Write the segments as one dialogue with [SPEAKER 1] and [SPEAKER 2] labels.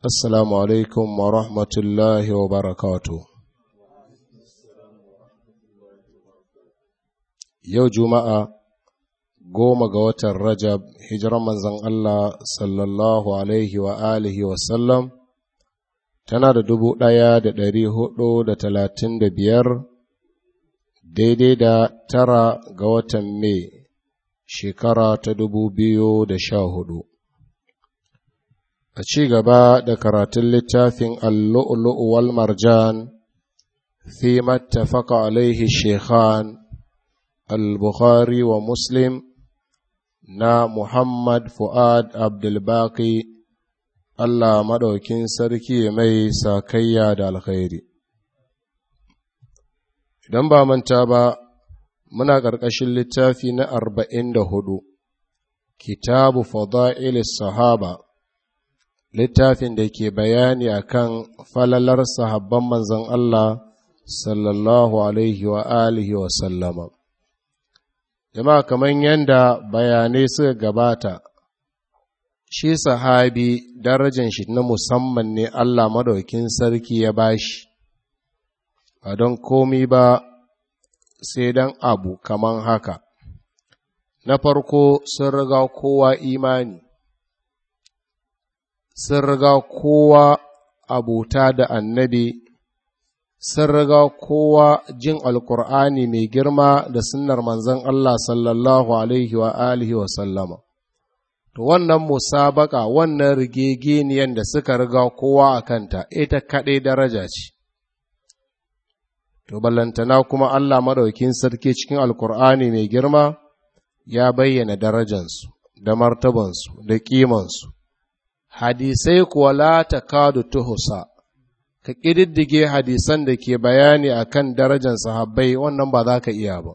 [SPEAKER 1] Assalamu alaikum wa wa barakatu. Yau Juma’a goma ga watan Rajab hijiran manzan Allah sallallahu tana da dubu ɗaya da ɗari hudu da talatin da biyar daidai da tara ga watan Mai shekara ta dubu biyu da sha hudu. a ci gaba da karatun littafin allu'ulu'u wal marjan fi mattafaka alaihi shekhan al-bukhari wa muslim na muhammad fu'ad abdulbaki allah maɗaukin sarki mai sakayya da alkhairi idan ba manta ba muna ƙarƙashin littafi na arba'in da hudu kitabu fada'ilis sahaba littafin da ke bayani akan falalar sahabban manzon Allah sallallahu alaihi wa alihi wa sallama jama'a kamar yadda bayanai suka gabata shi sahabi darajan shi na musamman ne Allah madaukin sarki ya bashi ba don komi ba sai don abu kamar haka na farko sun riga kowa imani sun riga kowa abota da annabi sun riga kowa jin alkur'ani mai girma da sunnar manzon Allah sallallahu alaihi wa alihi wa sallama to wannan musabaka wannan rigegeniyan da suka riga kowa a kanta ita kaɗai daraja ce to ballantana kuma Allah maɗaukin sarki cikin alkur'ani mai girma ya bayyana darajansu da martabansu da ƙimansu hadisai kuwa la takadu tuhusa ka ƙididdige hadisan da ke bayani a kan darajar sahabbai wannan ba za ka iya ba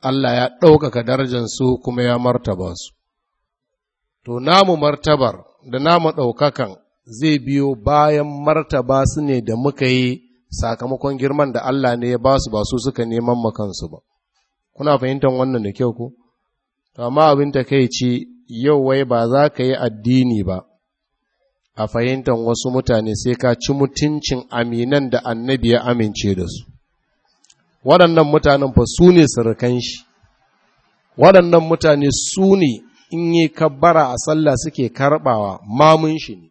[SPEAKER 1] Allah ya ɗaukaka darajar su kuma ya martaba su to namu martabar da namu ɗaukakan zai biyo bayan martaba su ne da muka yi sakamakon girman da Allah ne ya ba su ba su suka neman makansu ba kuna fahimtar wannan da kyau ku? to amma abin ci, yau wai ba za ka yi addini ba a fahimtar wasu mutane sai ka ci mutuncin aminan da annabi ya amince da su waɗannan mutanen fa su ne surukan shi waɗannan mutane su ne in yi kabbara a sallah suke karɓawa mamun shi ne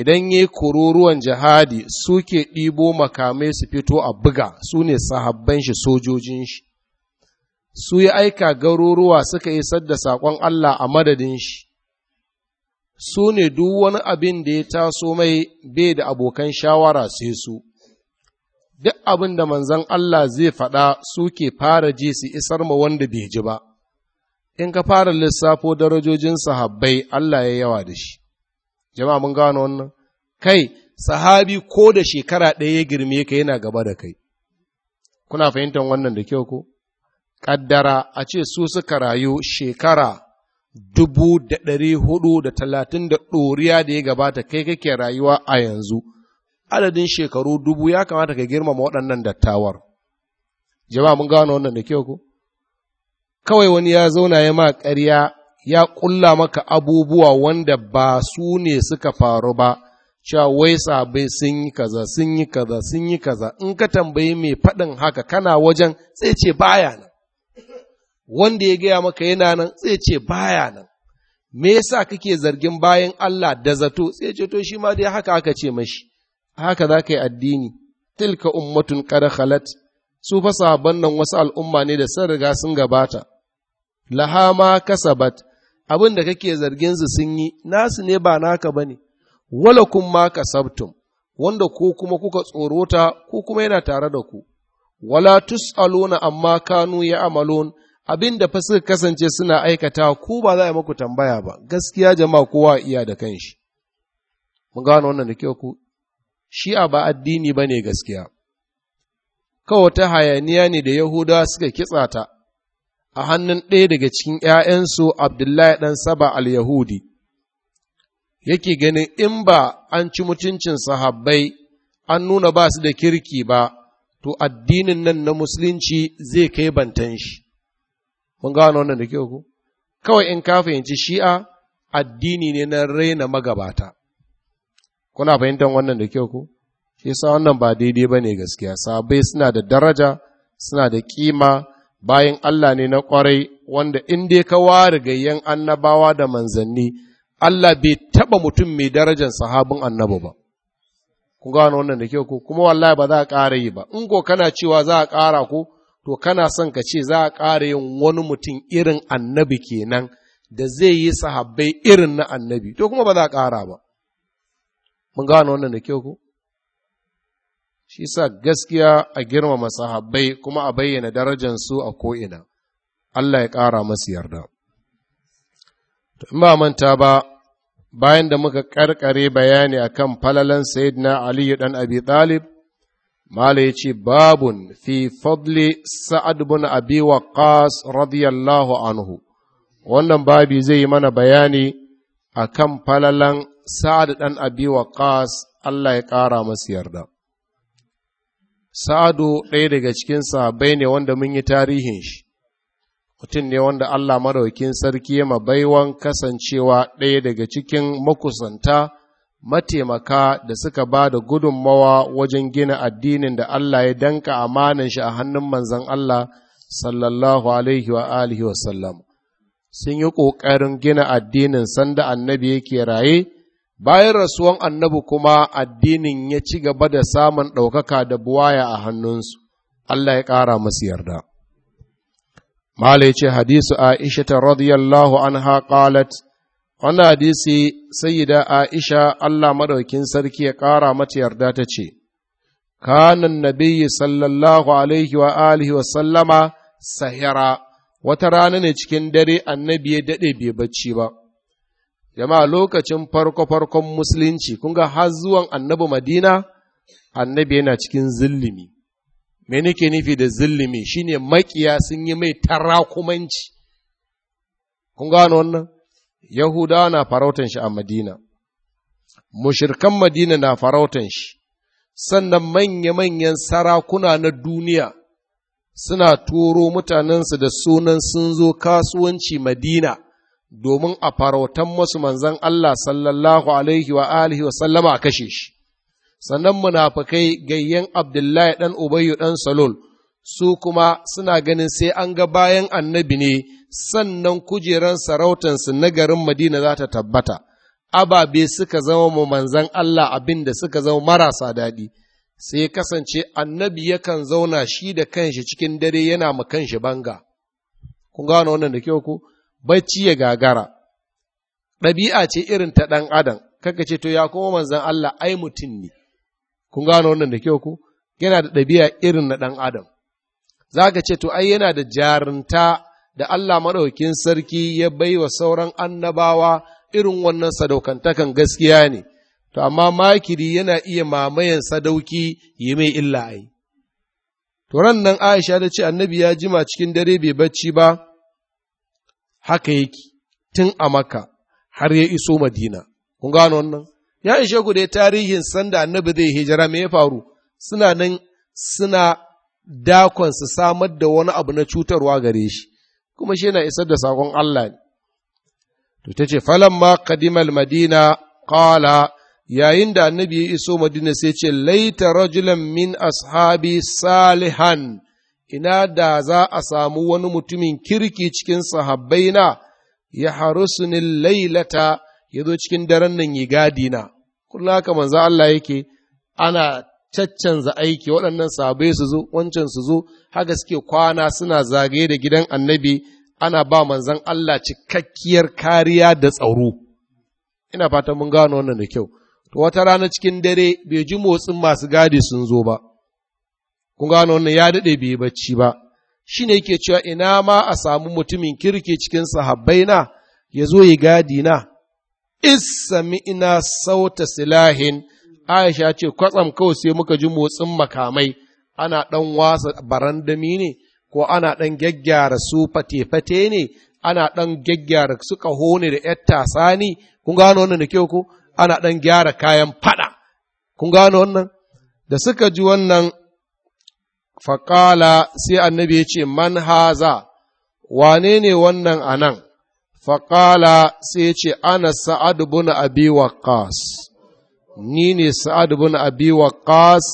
[SPEAKER 1] idan yi kururuwan jihadi suke ɗibo makamai su fito a buga su ne sahabban shi sojojin shi su yi aika garuruwa suka isar da saƙon Allah a madadin shi su ne duk wani abin da ya taso mai bai da abokan shawara sai su, duk abin da manzan Allah zai faɗa ke fara ji su isar ma wanda bai ji ba, in ka fara lissafo darajojin sahabbai Allah ya yawa da shi, jama'a mun gano wannan, kai, sahabi ko da shekara ɗaya ya girme ka yana gaba da kai, kuna fahimtar wannan da kyau ko? Ƙaddara a ce su suka rayu shekara dubu da ɗari hudu da talatin da ɗoriya da ya gabata kai kake rayuwa a yanzu adadin shekaru dubu ya kamata ka girmama waɗannan dattawar jama'a mun gano wannan da kyau ko kawai wani ya zauna ya ma ƙarya ya ƙulla maka abubuwa wanda ba su ne suka faru ba cewa wai sabai sun yi kaza sun yi kaza sun yi kaza in ka tambayi mai faɗin haka kana wajen sai ce baya nan wanda ya gaya maka yana nan sai ce baya nan me yasa kake zargin bayan Allah da zato sai ce to shi ma dai haka aka ce mashi haka za ka yi addini tilka ummatun qad khalat su fa sahabban nan wasu al'umma ne da sun riga sun gabata laha ma kasabat abin da kake zargin su sun yi nasu ne ba naka bane wala kun ma kasabtum wanda ko kuma kuka tsorota ko kuma yana tare da ku wala tusaluna amma kanu ya amalon abin da fa suka kasance suna aikata ku ba za a yi muku tambaya ba gaskiya jama'a kowa iya da kanshi mun gano wannan da kyau ku shi'a ba addini ba ne gaskiya kawai ta hayaniya ne da yahudawa suka kitsa ta a hannun ɗaya daga cikin ‘ya'yansu abdullahi ɗan saba al-yahudi yake ganin in ba an ci mutuncin sahabbai an nuna ba su da kirki ba to addinin nan na musulunci zai kai bantan shi Mun gano wannan da kyau ko Kawai in ka fahimci shi'a addini ne na raina magabata. Kuna fahimtar wannan da kyau ko Shi yasa wannan ba daidai ba ne gaskiya, sabai suna da daraja, suna da kima, bayan Allah ne na kwarai wanda in dai ka ware gayyan annabawa da manzanni, Allah bai taba mutum mai darajar sahabin annabi ba. Kun gano wannan da kyau ko kuma wallahi ba za a ƙara yi ba, in ko kana cewa za a ƙara ko? to kana son ka ce za a ƙara yin wani mutum irin annabi kenan da zai yi sahabbai irin na annabi to kuma ba za a ƙara ba mun gano wannan da kyau ko shi sa gaskiya a girmama sahabbai kuma a bayyana su a ko'ina Allah ya ƙara masu yarda to in ba manta ba bayan da muka ƙarƙare bayani akan falalan sayyidina aliyu dan abi talib Mala ya ce, Babun fi fadli Sa'ad bin Abi Waqqas radiyallahu anhu, wannan babi zai yi mana bayani a kan falalan Sa'ad ɗan Abi Waqqas Allah ya ƙara masu yarda. Sa'adu ɗaya daga cikin sahabbai ne wanda mun yi tarihin shi, mutum ne wanda Allah maraukin sarki ya baiwan kasancewa ɗaya daga cikin makusanta mataimaka da suka ba da gudunmawa wajen gina addinin da Allah ya danka amanan shi a hannun manzan Allah sallallahu alaihi wa alihi wa sallam sun yi ƙoƙarin gina addinin sanda annabi yake raye bayan rasuwan annabi kuma addinin ya ci gaba da samun ɗaukaka da buwaya a hannunsu Allah ya ƙara musu yarda Mala ya ce hadisu Aisha radiyallahu anha qalat wannan hadisi sayyida aisha Allah madaukin sarki ya ƙara mata yarda ta ce kanan nabiyyi sallallahu alaihi wa alihi wa sallama sahira wata rana ne cikin dare annabi ya daɗe bai bacci ba jama'a lokacin farko farkon musulunci kun ga har zuwan annabi madina annabi yana cikin zillimi me nake nufi da zillimi shine makiya sun yi mai tarakumanci kun gano wannan Yahudawa na farautan shi a Madina, mushirkan Madina na farautan shi, sannan manya-manyan sarakuna na duniya suna turo mutanensu da sunan sun zo kasuwanci Madina domin a farautan masu manzan Allah sallallahu alaihi wa alihi wa sallama a kashe shi. Sannan munafukai gayyen Abdullahi ɗan Ubayyu ɗan Salul. su kuma suna ganin sai an ga bayan annabi ne sannan kujeran sarautansu na garin madina za ta tabbata ababe suka zama mu manzan Allah abin da suka zama marasa daɗi sai kasance annabi yakan zauna shi da kanshi cikin dare yana ma kanshi banga kun gano wannan da kyau ku bacci ya gagara ɗabi'a ce irin ta ɗan adam kaka ce to ya kuma manzan Allah ai mutum ne kun gano wannan da kyau ku yana da ɗabi'a irin na ɗan adam za ka ce to ai yana da jarinta da Allah maɗaukin sarki ya bai wa sauran annabawa irin wannan sadaukantakan gaskiya ne, to amma makiri yana iya mamayan sadauki yi mai illa ai. To ran nan Aisha da ce annabi ya jima cikin dare bai bacci ba, haka yake tun a maka har ya iso Madina, kun gano wannan? Ya ishe ku dai tarihin sanda annabi zai hijira mai ya faru, suna nan suna dakon su samar da wani abu na cutarwa gare shi kuma shi na isar da sakon Allah ne to tace ma qadimal madina qala yayin da annabi ya iso madina sai ce laita rajulan min ashabi salihan ina da za a samu wani mutumin kirki cikin sahabbaina ya harusuni lailata ya zo cikin daren nan yi gadina kullum haka manzo Allah yake ana caccanza aiki waɗannan sabai su zo wancan su zo haka suke kwana suna zagaye da gidan annabi ana ba manzan Allah cikakkiyar kariya da tsaro ina fatan mun gano wannan da kyau to wata rana cikin dare bai ji motsin masu gadi sun zo ba kun gano wannan ya daɗe bai bacci ba shi ne yake cewa ina ma a samu mutumin kirke cikin sahabbai na ya zo ya gadi na is sami ina sauta silahin aisha ce kwatsam kawai sai muka ji motsin makamai ana ɗan wasa barandami ne ko ana ɗan gyaggyara su fate-fate ne ana ɗan gyaggyara su ƙaho ne da ‘yar tasa ne kun gano wannan da kyau ko ana ɗan gyara kayan faɗa kun gano wannan da suka ji wannan faƙala sai annabi ya ce man haza wane ne wannan anan faƙala sai ya ce ana sa'ad bin abi waqqas ni ne sa'ad bin abi waqas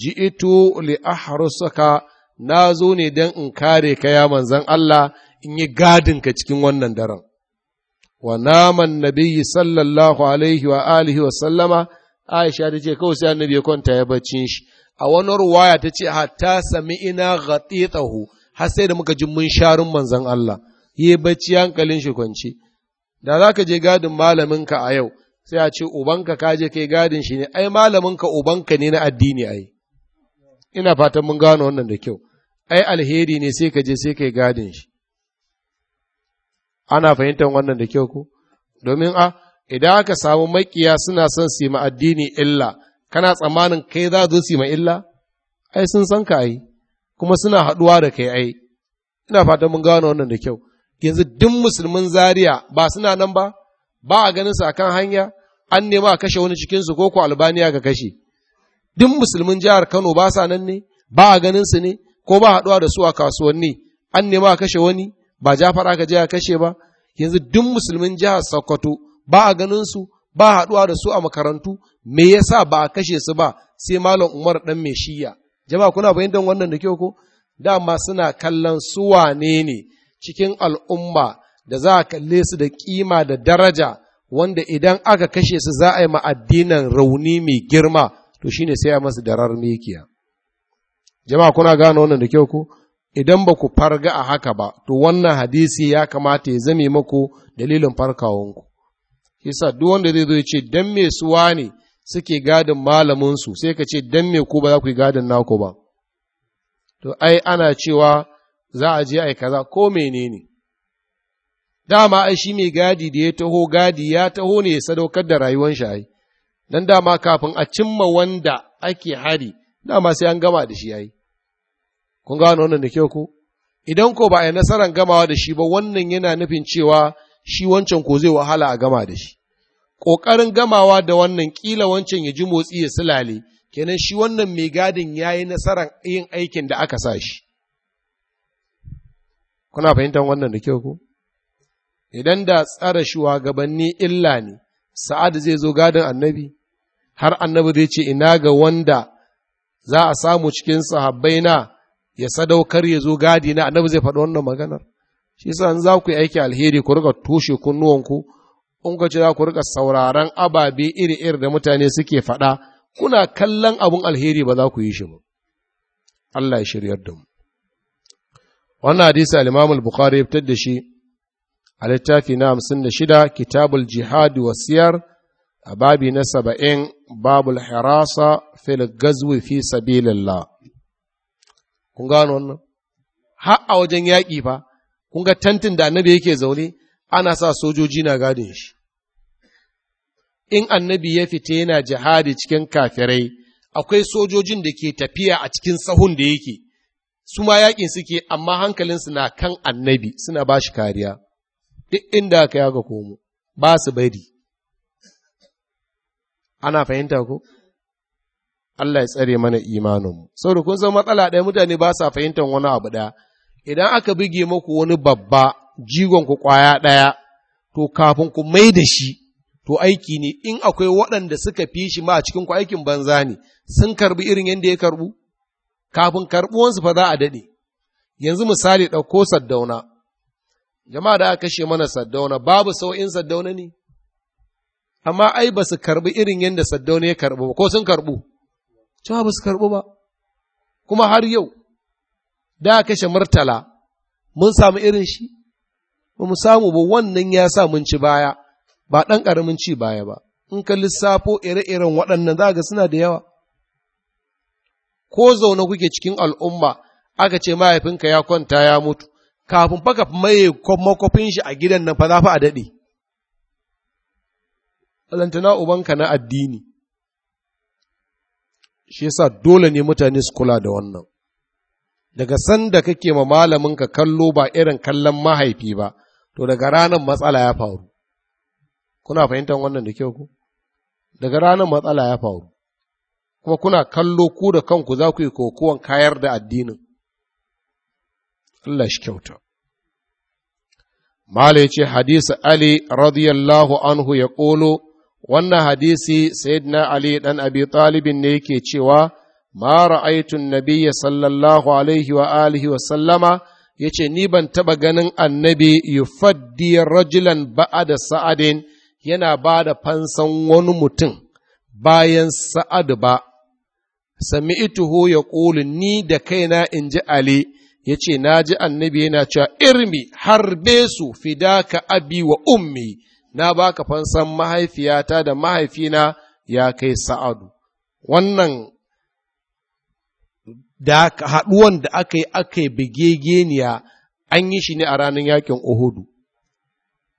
[SPEAKER 1] ji'tu li ahrusaka na zo ne don in kare ka ya manzan Allah in yi gadin ka cikin wannan daren wa naman nabiyyi sallallahu alaihi wa alihi wa sallama Aisha ta ce kawai sai annabi kwanta ya baccin shi a wani ruwaya ta ce hatta sami ina ghatitahu har sai da muka ji mun sharin manzan Allah yi bacci hankalin shi kwance da za ka je gadin malaminka a yau sai a ce ubanka kaje kai gadin shi ne ai malaminka ubanka ne na addini ai ina fatan mun gano wannan da kyau ai alheri ne sai ka je sai kai gadin shi ana fahimtar wannan da kyau ko domin a ah, idan aka samu makiya suna son su yi addini illa kana tsammanin kai za zo su yi illa ai sun san ka ai kuma suna haɗuwa da kai ai ina fatan mun gano wannan da kyau yanzu duk musulmin zaria ba suna nan ba ba a ganin sa akan hanya an nema a kashe wani cikinsu ko ko albaniya ka kashe duk musulmin jihar kano ba sa nan ne ba a ganin su ne ko ba haɗuwa da su a kasuwanni an nema a kashe wani ba jafara ka je a kashe ba yanzu duk musulmin jihar sokoto ba a ganin su ba haɗuwa da su a makarantu me yasa ba a kashe su ba sai malam umar dan mai shiya jama'a kuna fahimtar wannan da kyau ko dama suna kallon su wane ne cikin al'umma da za a kalle su da kima da daraja wanda idan aka kashe su za a yi ma'addinan rauni mai girma to shine sai a masu darar mikiya jama'a kuna gano wannan da kyau ko idan ba ku farga a haka ba to wannan hadisi ya kamata ya zame maku dalilin farkawanku yasa duk wanda zai zo ya ce dan me suwa ne suke gadin malamin su sai ka ce dan me ku ba za ku yi gadin naku ba to ai ana cewa za a je ai kaza ko menene dama ai shi mai gadi da ya taho gadi ya taho ne ya sadaukar da rayuwar shi ai dan dama kafin a cimma wanda ake hari dama sai an gama da shi ai kun gano wannan da kyau ko idan ko ba a yi nasarar gamawa da shi ba wannan yana nufin cewa shi wancan ko zai wahala a gama da shi ƙoƙarin gamawa da wannan ƙila wancan ya ji motsi ya silale kenan shi wannan mai gadin ya yi nasarar yin aikin da aka sa shi kuna fahimtar wannan da kyau ko idan da tsara shugabanni illa ne sa'ad zai zo gadon annabi har annabi zai ce ina ga wanda za a samu cikin sahabbai na ya sadaukar ya zo gadi na annabi zai faɗi wannan maganar shi sa za ku yi aiki alheri ku rika toshe kunnuwanku in ku ce za ku rika sauraron ababe iri-iri da mutane suke faɗa kuna kallon abun alheri ba za ku yi shi ba Allah ya shiryar da mu wannan hadisi al-Imam bukhari ya fitar da shi a littafi na hamsin da shida kitabul wa wasiyar a babi na saba'in babul harasa fil gazwi fi sabilillah kun gano wannan har a wajen yaƙi fa kun ga tantin da annabi yake zaune ana sa sojoji na gadin shi in annabi ya fita yana jihadi cikin kafirai akwai sojojin da ke tafiya a cikin sahun da yake su ma yaƙin suke amma hankalinsu na kan annabi suna ba shi kariya duk inda aka yaga komo ba su bari ana fahimta ko Allah ya tsare mana imaninmu saboda kun san matsala ɗaya mutane ba sa fahimtar wani abu ɗaya idan aka buge muku wani babba jigon ku kwaya ɗaya to kafin ku mai da shi to aiki ne in akwai waɗanda suka fi shi ma a cikin ku aikin banza ne sun karbi irin yadda ya karbu kafin karbuwansu fa za a daɗe yanzu misali ɗauko saddauna jama'a da aka kashe mana saddauna babu sau'in saddauna ne amma ai ba su karbi irin yadda saddauna ya karbi ba ko sun karbu cewa ba su karbu ba kuma har yau da aka kashe murtala mun samu irin shi ba mu samu ba wannan ya sa mun ci baya ba ɗan ƙaramin ci baya ba in ka lissafo ire-iren waɗannan za ga suna da yawa ko zaune kuke cikin al'umma aka ce mahaifinka ya kwanta ya mutu kafin fa ka maye makwafin shi a gidan nan fa za fa a daɗe alantana ubanka na addini shi yasa dole ne mutane su kula da wannan daga sanda kake ma malamin ka kallo ba irin kallon mahaifi ba to daga ranar matsala ya faru kuna fahimtar wannan da kyau ku daga ranar matsala ya faru kuma kuna kallo ku da kanku za ku yi kokowan kayar da addinin Allah shi kyauta Malai ce hadisi Ali radiyallahu anhu ya ƙolo, wannan hadisi Sayyidina Ali ɗan Abi Talibin ne yake cewa, Ma ra'aitun nabiya sallallahu alaihi wa alihi wa sallama ya ce, Ni ban taɓa ganin annabi yufaddi rajulan ba'ada sa'adin yana ba da fansan wani mutum bayan sa'adu ba, sami ituhu ya ƙoli ni da kaina in ji Ali. ya ce na ji annabi yana cewa irmi harbe su fidaka abi wa ummi na baka fansan mahaifiyata da mahaifina ya kai sa'adu wannan da haɗuwan da aka yi aka yi bigegeniya an yi shi ne a ranar yakin Uhudu.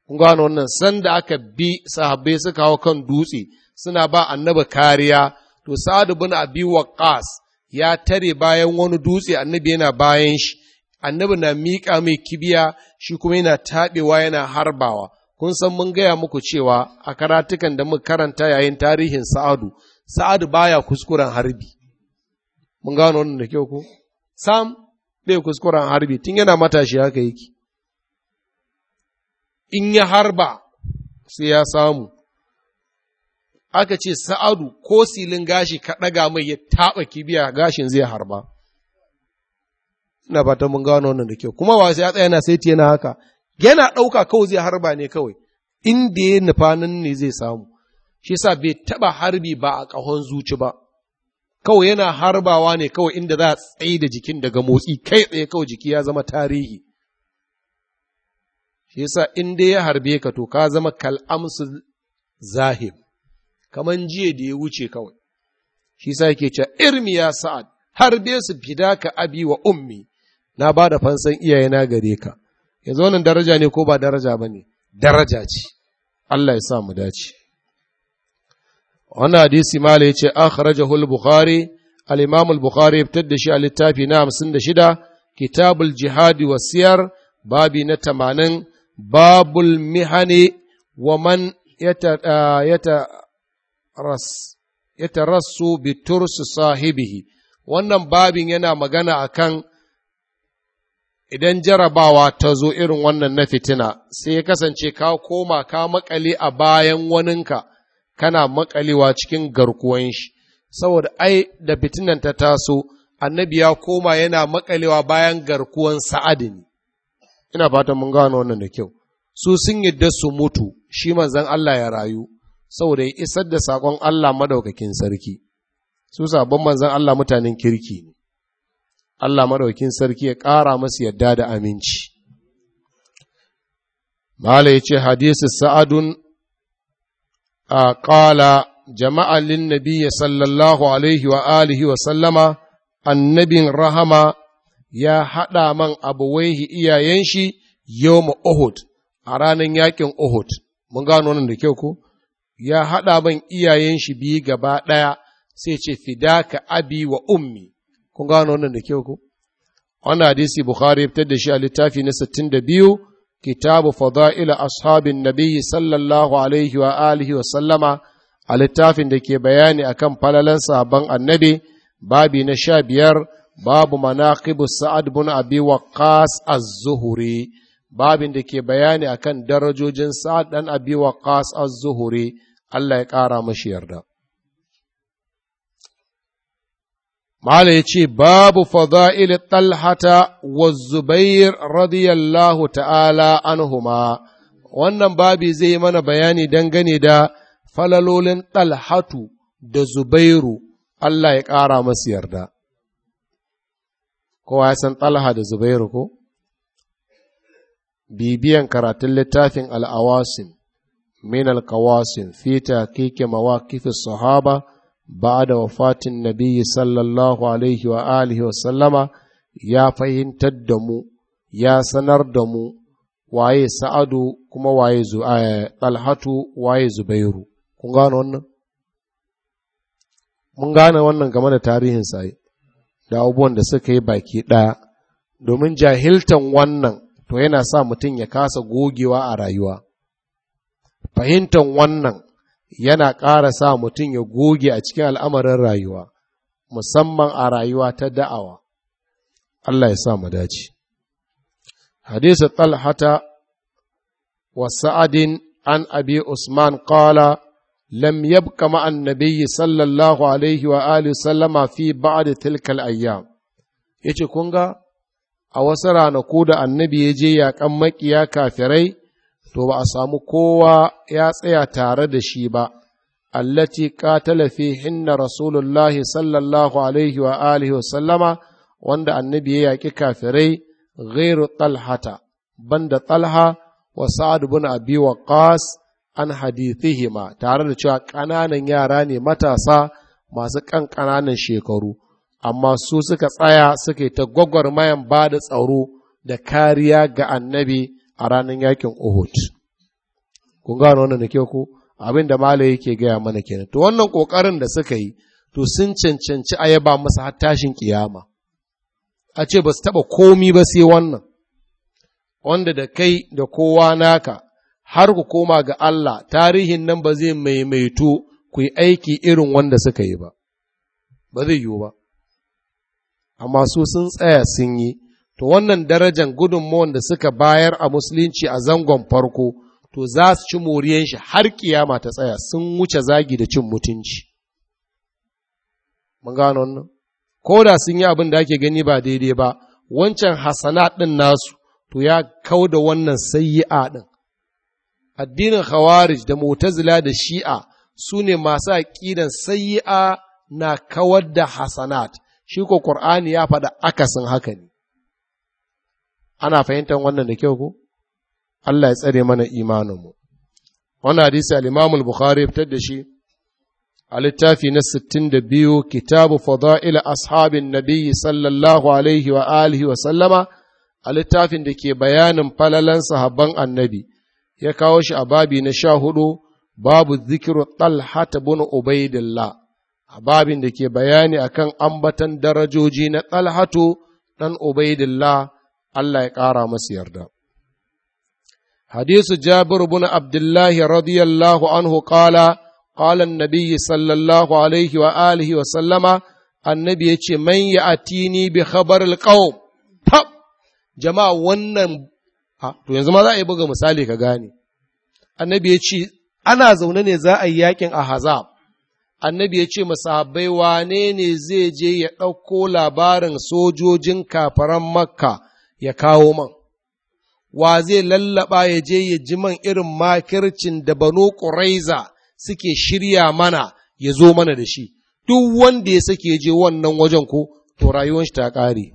[SPEAKER 1] Kun gano wannan sanda aka bi sahabbai suka hau kan dutse suna ba annaba kariya to Sa'adu bin Abi waqas ya tare bayan wani dutse annabi yana bayan shi annabi na miƙa mai kibiya shi kuma yana taɓewa yana harbawa kun san mun gaya muku cewa a karatukan da muka karanta yayin tarihin sa'adu sa'adu baya kuskuren harbi mun gano wannan da kyau ko sam bai kuskuren harbi tun yana matashi haka yake in ya harba sai ya samu aka ce sa'adu ko silin gashi ka ɗaga mai ya taɓa kibiya gashin zai harba ina fata mun gano wannan da kyau kuma wasu ya tsaya na yana haka yana ɗauka kawai zai harba ne kawai inda ya nufa nan ne zai samu shi sa bai taɓa harbi ba a ƙahon zuci ba kawai yana harbawa ne kawai inda za a tsaye da jikin daga motsi kai tsaye kawai jiki ya zama tarihi shi sa inda ya harbe ka to ka zama kal'amsu zahir kaman jiya da ya wuce kawai shi sa yake ce irmi ya sa'ad har be su fida ka abi wa ummi na ba da fansan iyayena gare ka yanzu wannan daraja ne ko ba daraja ba ne daraja ce Allah ya sa mu dace wannan hadisi mala ya ce akhrajahu al-bukhari al-imam al-bukhari ya da shi a littafi na shida, kitabul jihadi wa siyar babi na 80 babul mihani wa man yata ras yatarassu bi tursu sahibihi wannan babin yana magana akan idan jarabawa ta zo irin wannan na fitina sai ya kasance ka koma ka makale a bayan waninka kana makalewa cikin garkuwan shi saboda ai da fitinan ta taso annabi ya koma yana makalewa bayan garkuwan sa'adi ne ina fatan mun gano wannan da kyau su sun yadda su mutu shi manzon Allah ya rayu saboda ya isar da sakon Allah madaukakin sarki su sabon manzan Allah mutanen kirki ne Allah madaukakin sarki ya ƙara masu yadda da aminci mala ce hadisi sa'adun a ƙala jama'a lin ya sallallahu alaihi wa alihi wa sallama annabin rahama ya haɗa man abu waihi iyayen shi yau Uhud a ranar yakin Uhud mun gano nan da kyau ku. ya haɗa ban iyayen shi biyu gaba ɗaya sai ce ka abi wa ummi kun gano wannan da kyau ko wannan hadisi bukhari fitar da shi a littafi na biyu, kitabu fada'il ashabin nabiyyi sallallahu alaihi wa alihi wa sallama a littafin da ke bayani akan falalan sabon annabi babi na sha biyar babu manaqibu sa'ad bin abi waqqas az-zuhri babin da ke bayani akan darajojin sa'ad dan abi waqqas az-zuhri Allah ya ƙara mashi yarda. Mala ya ce, Babu fada'il ɗalhata wa Zubair radiyallahu ta'ala anhuma wannan babi zai mana bayani dangane da falalolin ɗalhatu da Zubairu, Allah ya ƙara masu yarda. Kowa ya san ɗalha da Zubairu ko? Bibiyan karatun littafin al'awasin. من القواسم في تحقيق مواقف الصحابة بعد وفاة النبي صلى الله عليه وآله وسلم يا فهين تدمو يا سنردمو waye sa'adu kuma waye ɗalhatu eh, waye zubairu kun gane wannan mun gane wannan game da tarihin da abubuwan da suka yi baki ɗaya domin jahiltan wannan to yana sa mutum ya kasa gogewa a rayuwa fahimtar wannan yana ƙara sa mutum ya goge a cikin al'amarin rayuwa musamman a rayuwa ta da'awa Allah ya sa mu dace hadisu talhata wa sa'adin an abi usman ƙala lam yabqa ma annabiyyi sallallahu alaihi wa alihi sallama fi ba'd tilkal ayyam yace kun ga a wasu ranaku da annabi ya je yaƙan maƙiya kafirai to ba a samu kowa ya tsaya tare da shi ba, allati qatala hinna Rasulullahi sallallahu alaihi wa alihi wa sallama wanda annabi ya yaƙi kafirai ghairu talhata, banda talha wa sa'ad bin abi waqas an hadithihima tare da cewa ƙananan yara ne matasa masu kan ƙananan shekaru, amma su suka tsaya suka yi ta gwagwarmayan ba da tsaro da kariya ga annabi a ranar yakin Uhud. Kun gano wannan da kyau ku abin da Malai yake gaya mana kenan. To wannan ƙoƙarin da suka yi, to sun cancanci a yaba masa har tashin kiyama. A ce ba su taɓa komi ba sai wannan, wanda da kai da kowa naka har ku koma ga Allah tarihin nan ba zai maimaito ku yi aiki irin wanda suka yi ba, ba zai yiwu ba. Amma su sun tsaya sun yi, to wannan darajan gudunmawan da suka bayar a musulunci a zangon farko to za su ci moriyan shi har kiyama ta tsaya sun wuce zagi da cin mutunci mun ko da sun yi abin da ake gani ba daidai ba wancan hasana ɗin nasu to ya kau da wannan sayyi'a ɗin. addinin khawarij da mu'tazila da shi'a su ne masu aƙidan sayyi'a na kawar da hasanat shi ko ƙur'ani ya faɗa akasin haka ne ana fahimtar wannan da kyau ko Allah ya tsare mana imaninmu wannan hadisi al-Imam al-Bukhari fitar da shi a littafi na 62 kitabu fadail ashabin nabiyyi sallallahu alaihi wa alihi wa sallama a littafin da ke bayanin falalan sahabban annabi ya kawo shi a babi na sha hudu babu zikiru ta bin ubaidillah a babin da ke bayani akan ambatan darajoji na talhatu dan ubaidillah Allah ya ƙara masu yarda. Hadisu Jabir bin Abdullahi radiyallahu anhu ƙala, ƙalan nabiyyi sallallahu alaihi wa alihi wa sallama, annabi ya ce, man ya atini bi khabar alƙawm. Tab, jama'a wannan, ha, to yanzu ma za a yi buga misali ka gane. Annabi ya ce, ana zaune ne za a yi yakin a haza. annabi ya ce masahabbai wane ne zai je ya ɗauko labarin sojojin kafaran makka ya kawo man, wa zai lallaba ya je ya ji man irin makircin da banu ƙuraiza suke shirya mana ya zo mana da shi, duk wanda ya sake je wannan wajen ko, to rayuwar shi ta ƙare.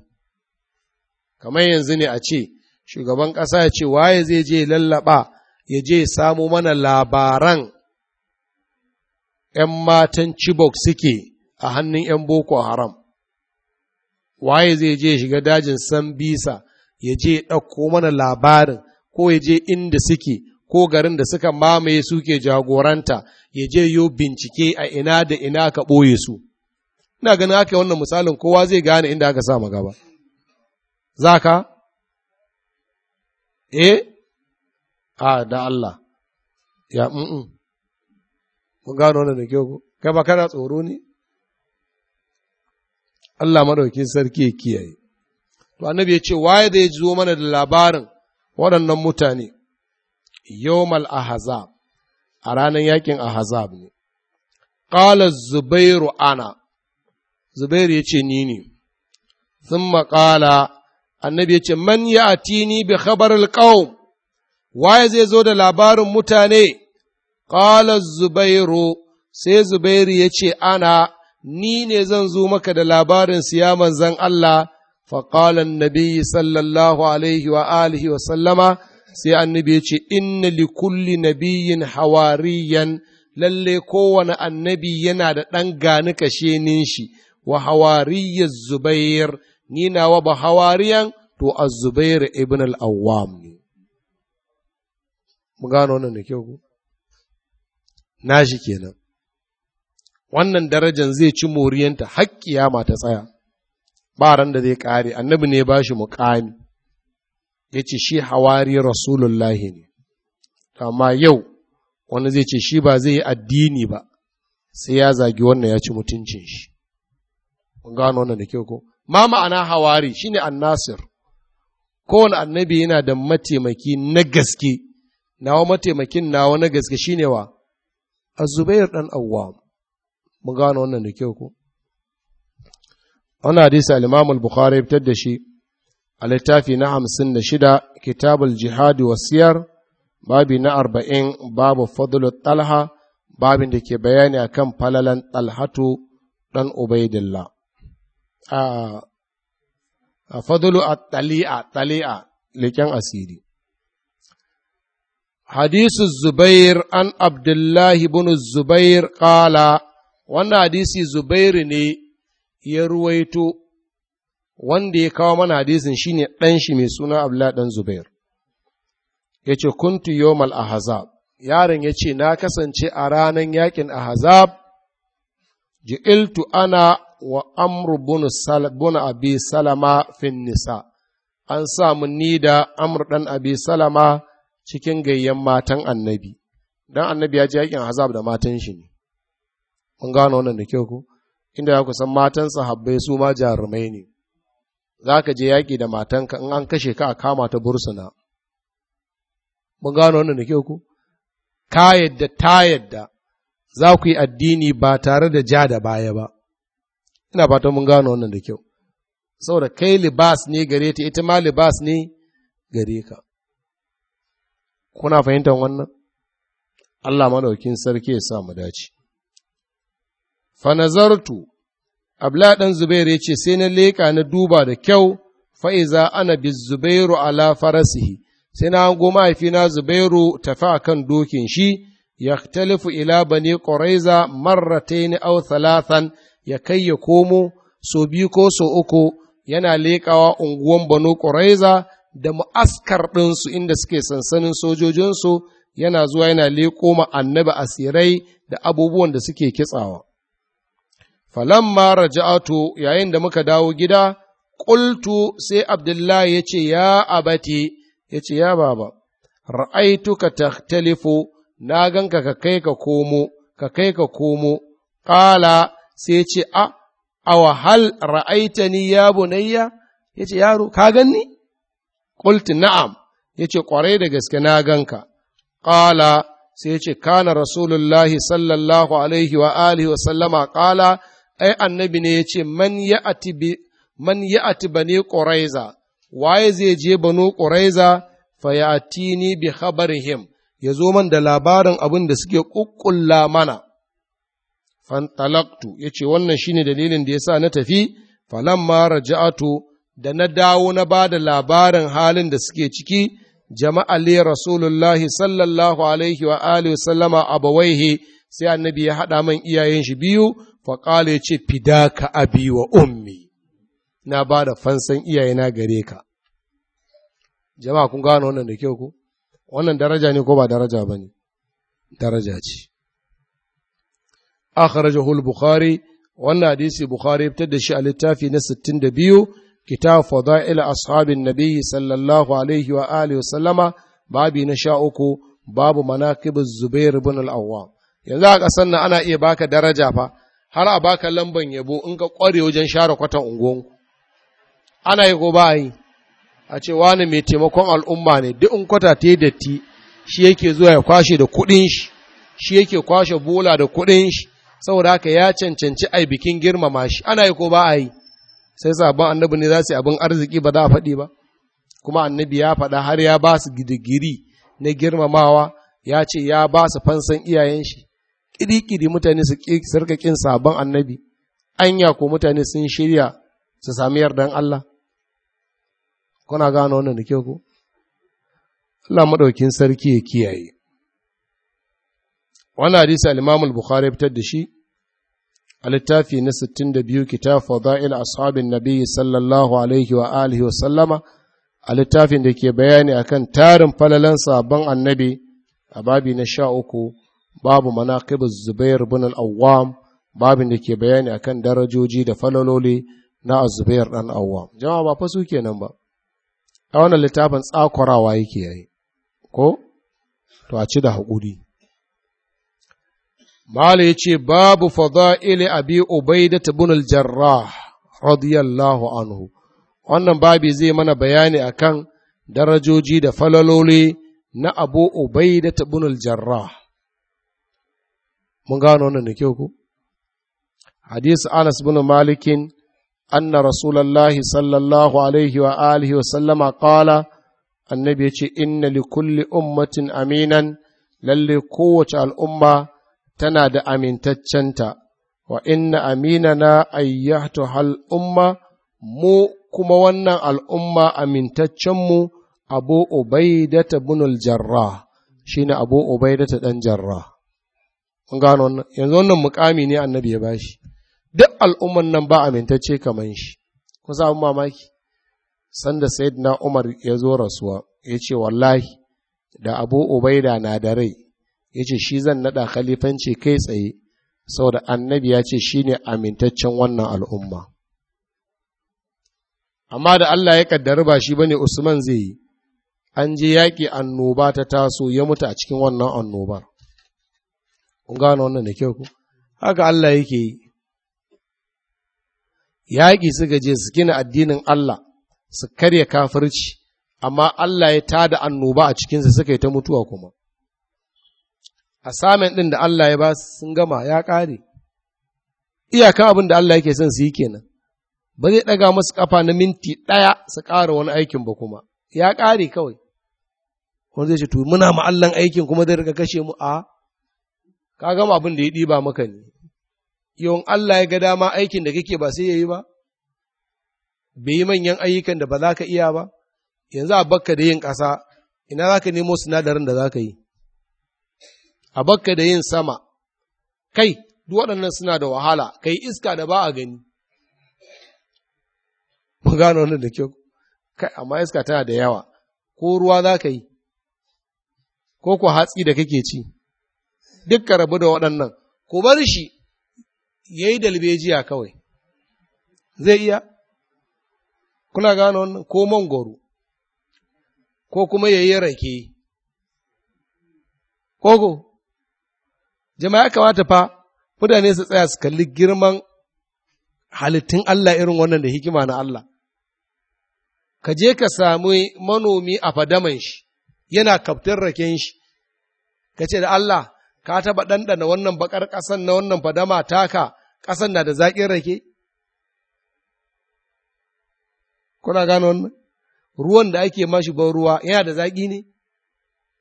[SPEAKER 1] Kamar yanzu ne a ce, shugaban ƙasa ya ce, waye zai je lallaba ya je samu mana labaran ‘yan matan Chibok suke a hannun ‘yan Boko Haram, waye zai je shiga dajin Sambisa ya je ɗauko mana labarin ko ya je inda suke ko garin da suka mamaye suke jagoranta ya je yo bincike a ina da ina ka ɓoye su ina ganin haka wannan misalin kowa zai gane inda aka sa gaba za ka eh a da Allah ya mm mun gano wannan da kyau kai ba kana tsoro ne Allah madauki sarki ya kiyaye to annabi ya ce waye zai zo mana da labarin waɗannan mutane yawmal ahzab a ranar yakin ahzab ne qala zubairu ana zubairu ya ce ni ne thumma qala annabi ya ce man ya'tini bi khabaril qaum waye zai zo da labarin mutane qala zubairu sai zubairu ya ce ana ni ne zan zo maka da labarin siya zan Allah Faƙalan النبي صلى الله عليه وآله وسلم sai annabi ya ce inna li kulli nabiyin hawariyan Lallai kowane annabi yana da ɗan gani kashenin shi wa hawariyar zubair ni nawa ba hawariyan to a zubair ibn al-awwam mu gano wannan da kyau ku nashi kenan wannan darajan zai ci moriyanta har kiyama ta tsaya ba ran da zai kare annabi ne ba shi muƙami ya shi hawari rasulullahi ne amma yau wani zai ce shi ba zai yi addini ba sai ya zagi wannan ya ci mutuncin shi kun gano wannan da kyau ko ma ma'ana hawari shine annasir kowane annabi yana da mataimaki na gaske nawa mataimakin nawa na gaske shine wa azubair dan awwam mun gano wannan da kyau ko wani hadisi al-imam al-bukhari fitar da shi a littafi na hamsin da shida kitabul jihadi wasiyar babi na arba'in babu fadlu talha babin da ke bayani akan falalan talhatu dan ubaidillah a fadlu at-tali'a tali'a leken asiri حديث الزبير عن عبد الله بن الزبير قال وانا حديث زبير ني ya ruwaito wanda ya kawo mana hadisin shine ɗan shi mai suna Abdullah dan Zubair yace kuntu a ahzab yaron yace na kasance a ranar yakin hazab ji'iltu ana wa amru bunu abi salama fin nisa an samu ni da amr ɗan abi salama cikin gayyan matan annabi dan annabi ya ji yakin hazab da matan shi ne mun gano wannan da kyau ko inda za ku san matan sahabbai su ma jarumai ne za ka je yaƙi da matanka in an kashe ka a kama ta bursuna mun gano wannan da kyau ku ka yadda ta yadda za ku yi addini ba tare da ja da baya ba ina fatan mun gano wannan da kyau saboda kai libas ne gare ta ita ma libas ne gare ka kuna fahimtar wannan Allah madaukin sarki ya sa mu dace fanazartu abla ɗan zubairu ya ce sai na leƙa na duba da kyau fa'iza ana bi zubairu ala farasihi sai na hango mahaifina zubairu tafi a kan dokin shi ya talifu ila bani ƙoraiza marrataini au thalathan ya kai ya komo so biyu ko so uku yana leƙawa unguwan bano ƙoraiza da mu'askar ɗinsu inda suke sansanin sojojinsu yana zuwa yana leƙo ma annabi asirai da abubuwan da suke kitsawa falamma raja'atu yayin da muka dawo gida qultu sai abdullahi yace ya abati yace ya baba ra'aituka tahtalifu na ganka ka kai ka komo ka kai ka komo qala sai ce a aw hal ra'aitani ya bunayya yace yaro ka ganni qultu na'am yace kwarai da gaske na ganka qala sai yace kana rasulullahi sallallahu alaihi wa alihi wa sallama qala ai annabi ne ya ce man ya ati man quraiza waye zai je banu quraiza fa ya atini bi khabarihim ya zo man da labarin abin da suke kukkulla mana fantalaktu ya ce wannan shine dalilin da ya sa na tafi falamma raja'atu da na dawo na ba da labarin halin da suke ciki jama'a li rasulullahi sallallahu alaihi wa alihi sallama abawaihi sai annabi ya haɗa man iyayen shi biyu faƙala ya ce ka abi wa ummi na ba da fansan iyayena gare ka jama'a kun gano wannan da kyau ku wannan daraja ne ko ba daraja ba ne daraja ce akhrajahu al-bukhari wannan hadisi bukhari ya fitar da shi a littafi na 62 kitab fadail ashabin nabi sallallahu alaihi wa alihi sallama babi na sha uku babu manaqib zubair ibn al-awwam yanzu a kasan nan ana iya baka daraja fa har a baka lamban yabo in ka kware wajen share kwatan unguwanku ana yi ko ba a ce wani mai taimakon al'umma ne duk in kwata ta yi datti shi yake zuwa ya kwashe da kuɗin shi shi yake kwashe bola da kuɗin shi saboda haka ya cancanci ai bikin girmama shi ana yi ko ba yi sai sabon annabi ne za su abin arziki ba za a faɗi ba kuma annabi ya faɗa har ya ba su digiri na girmamawa ya ce ya ba su fansan iyayen shi Ƙirikiri mutane su sarka kin sabon annabi anya ko mutane sun shirya su sami yardan Allah kuna gano wannan da kyau ko Allah madaukin sarki ya kiyaye Wani hadisi al-Imam al-Bukhari fitar da shi a littafi na 62 kitab fadail ashabin nabi sallallahu alaihi wa alihi wa sallama a littafin da ke bayani akan tarin falalan sabon annabi a babi na sha uku babu manaqibuz zubair bin al-awwam babin da ke bayani akan darajoji da falaloli na az-zubair dan awwam jama'a ba fa su kenan ba a wannan littafin tsakurawa yake yayi ko to a ci da haƙuri mala yace babu fada'ili abi ubaida ibn al-jarrah radiyallahu anhu wannan babi zai mana bayani akan darajoji da falaloli na abu ubaida ibn al-jarrah mun gano wannan da kyau ku hadisi anas bin malikin anna rasulallahi sallallahu alaihi wa alihi wa sallama qala annabi ya ce inna li kulli ummatin aminan lalle kowace al'umma tana da amintaccenta wa inna aminana ayyatu hal umma mu kuma wannan al'umma amintaccenmu abu ubaidata bunul jarrah shine abu ubaidata dan jarrah mun gano wannan yanzu wannan mukami ne annabi ya bashi duk al'umman nan ba amintacce kaman shi ku sa abin mamaki sanda sayyidina Umar ya zo rasuwa ya ce wallahi da Abu Ubaida na da rai ya ce shi zan nada khalifanci kai tsaye saboda annabi ya ce shine amintaccen wannan al'umma amma da Allah ya kaddara ba shi bane Usman zai yi an je yaƙi annoba ta taso ya mutu a cikin wannan annobar kun gano wannan da kyau ku haka Allah yake yi yaƙi suka je su gina addinin Allah su karya kafirci amma Allah ya tada annoba a cikinsa suka yi ta mutuwa kuma assignment ɗin da Allah ya ba sun gama ya ƙare iyakan abin da Allah yake son su yi kenan ba zai ɗaga masu ƙafa na minti ɗaya su ƙara wani aikin ba kuma ya ƙare kawai wani zai ce to muna ma Allah aikin kuma zai riga kashe mu a ka gama abin da ya ɗiba maka ne yawan Allah ya ga dama aikin da kake ba sai ya yi ba bai yi manyan ayyukan da ba za ka iya ba yanzu a bakka da yin ƙasa ina za ka nemo sinadarin da za ka yi a bakka da yin sama kai duk waɗannan suna da wahala kai iska da ba a gani mun gano wannan da kyau kai amma iska tana da yawa ko ruwa za ka yi ko ku hatsi da kake ci duk rabu da waɗannan ku bar shi ya yi dalbejiya kawai zai iya kuna gano wannan ko mangoro ko kuma ya yi rake koko jama'a kamata fa ne su tsaya su kalli girman halittun Allah irin wannan da hikima na Allah ka je ka sami manomi a fadaman shi yana kaftin raken shi ka ce da Allah ka taɓa ɗanɗana wannan baƙar ƙasan na wannan fadama taka ƙasan na da zaƙin rake? Kuna gano wannan? Ruwan da ake mashi ban ruwa yana da zaƙi ne?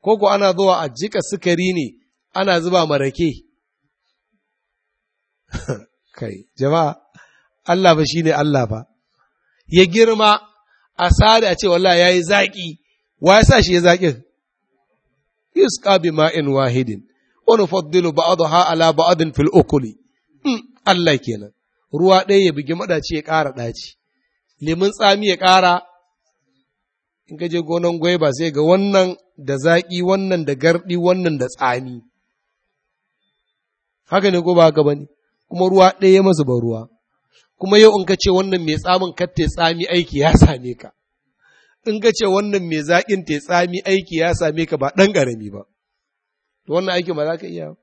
[SPEAKER 1] Ko ko ana zuwa a jika sukari ne ana zuba ma rake? Kai, jama'a, Allah ba shi ne Allah ba. Ya girma a sare a ce wallah ya yi zaƙi, wa ya sa shi ya zaƙin? Yusqa bi ma'in wahidin. ونفضل بعضها ba'adu ha ala ba'adin الله okuli hmm, Allah kenan ruwa ɗaya ya bugi maɗaci ya ƙara ɗaci lemun tsami ya ƙara in ka je gwaiba ga wannan da zaƙi wannan da garɗi wannan da tsami haka ne ko ba haka bane kuma ruwa ɗaya masa ba ruwa kuma yau in ka ce wannan mai tsamin katte tsami aiki ya same ka in ka ce wannan mai zaƙin te tsami aiki ya same ka ba ɗan ƙarami ba to wannan aikin ba za ka iya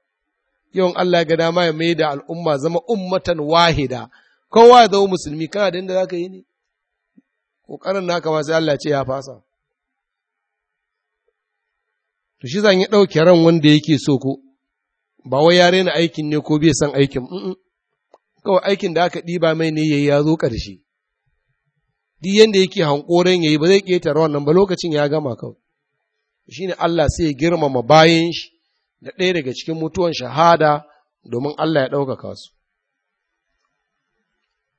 [SPEAKER 1] yawan Allah ya ga dama ya mai da al'umma zama ummatan wahida kowa ya zama musulmi kana da inda za ka yi ne ƙoƙarin naka ma sai Allah ce ya fasa to shi zan yi ɗauke ran wanda yake so ko ba wai ya rena aikin ne ko bai san aikin kawai aikin da aka ɗiba mai ne yayi ya zo ƙarshe duk yanda yake hankoren yayi ba zai ƙetare nan ba lokacin ya gama kawai shine Allah sai ya girmama bayan shi da ɗaya daga cikin mutuwan shahada domin Allah ya ɗaukaka su.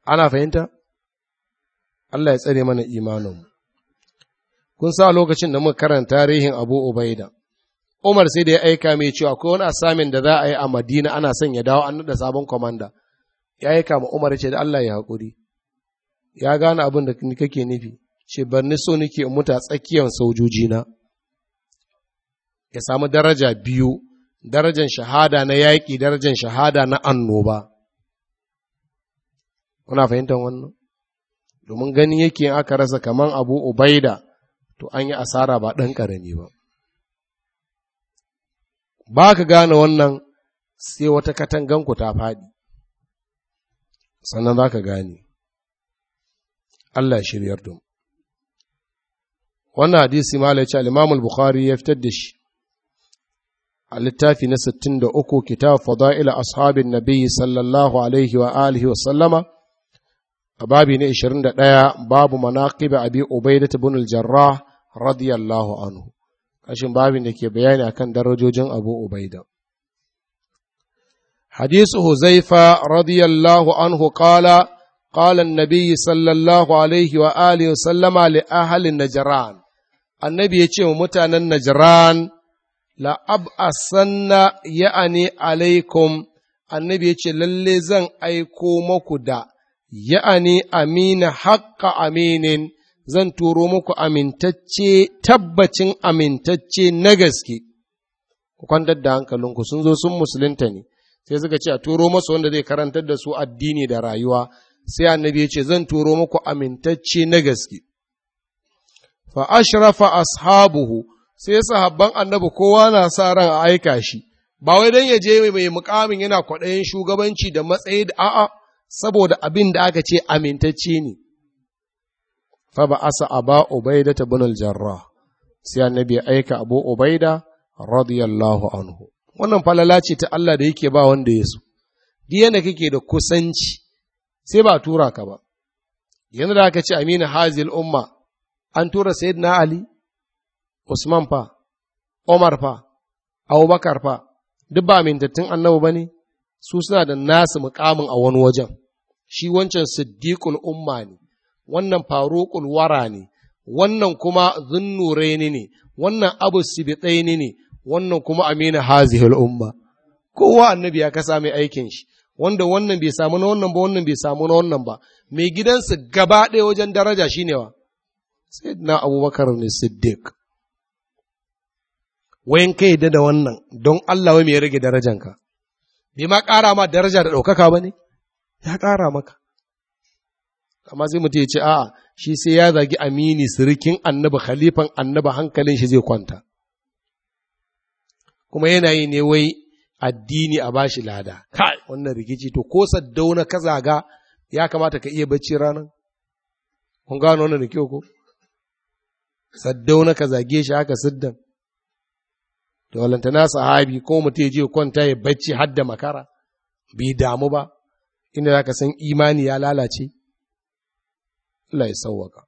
[SPEAKER 1] Ana fahimta? Allah ya tsare mana imaninmu. Kun sa lokacin da muka karanta tarihin Abu Ubaida, Umar sai da ya aika mai cewa akwai wani asamin da za a yi a Madina ana son ya dawo an nada sabon kwamanda. Ya aika ma Umar ce da Allah ya haƙuri. Ya gane abin da kake nufi, ce bar ni so nake in muta tsakiyar sojojina. Ya samu daraja biyu darajar shahada na yaƙi darajar shahada na annoba kuna fahimtar wannan domin ganin yake aka rasa kaman abu ubaida to an yi asara ba ɗan ƙarami ba ba ka gane wannan sai wata katanganku ta faɗi sannan za ka gane Allah shiryar dum wannan hadisi ma ya ce al bukhari ya fitar da shi a littafi na 63 kitab fada'il ashabin nabiyyi sallallahu alaihi wa alihi wa sallama a babi na 21 babu manaqib abi ubaidah ibn al-jarrah radiyallahu anhu kashin babin da ke bayani akan darajojin abu ubaida حديث هزيفة رضي الله عنه قال قال النبي صلى الله عليه وآله وسلم لأهل النجران النبي يتشم متان النجران La'ab asanna ya'ani alaikum, annabi ya ce, lalle zan aiko muku da ya'ani amina haƙƙa aminin, zan turo muku amintacce, tabbacin amintacce na gaske. Ku kwantar da hankalinku sun zo sun musulunta ne, sai suka ce a turo masu wanda zai karantar da su addini da rayuwa, sai annabi ya ce, zan turo muku amintacce na gaske. Fa ashrafa ashabuhu sai sahabban annabi kowa na sa ran a aika shi, ba wai dan ya je mai mukamin yana kwaɗayin shugabanci da matsayi da a'a saboda abin da aka ce amintacce ne. Fa ba asa aba Ubaida ta bin jarrah sai annabi ya aika abu Ubaida radiyallahu anhu. Wannan falala ce ta Allah da yake ba wanda ya so, yana kake da kusanci sai ba tura ka ba. Yanzu da aka ce amina hazil umma an tura sayyidina Ali, Usman fa, Omar fa, Abubakar fa, duk ba mintattun annabu ba ne, su suna da nasu mukamin a wani wajen, shi wancan siddiƙul umma ne, wannan faruƙul wara ne, wannan kuma zunnuraini ne, wannan abu sibitsaini ne, wannan kuma amina hazihul umma. Kowa annabi ya kasa mai aikin shi, wanda wannan bai samu na wannan ba, wannan bai samu na wannan ba, mai gidansu gaba ɗaya wajen daraja shi ne wa, sai na abubakar ne siddiq. wayan ka yadda da wannan don Allah wai ya rage darajanka bai ma ƙara ma daraja da ɗaukaka ba ne ya ƙara maka amma zai mutu ya ce a'a shi sai ya zagi amini sirikin annaba khalifan annaba hankalin shi zai kwanta kuma yana yi ne wai addini a bashi lada kai wannan rikici to ko saddauna ka zaga ya kamata ka iya bacci ranar kun gano wannan da kyau ko saddauna ka zage shi haka siddan to walantana sahabi ko mutum je kwanta ya bacci har da makara bai damu ba inda za ka san imani ya lalace Allah ya sauwaka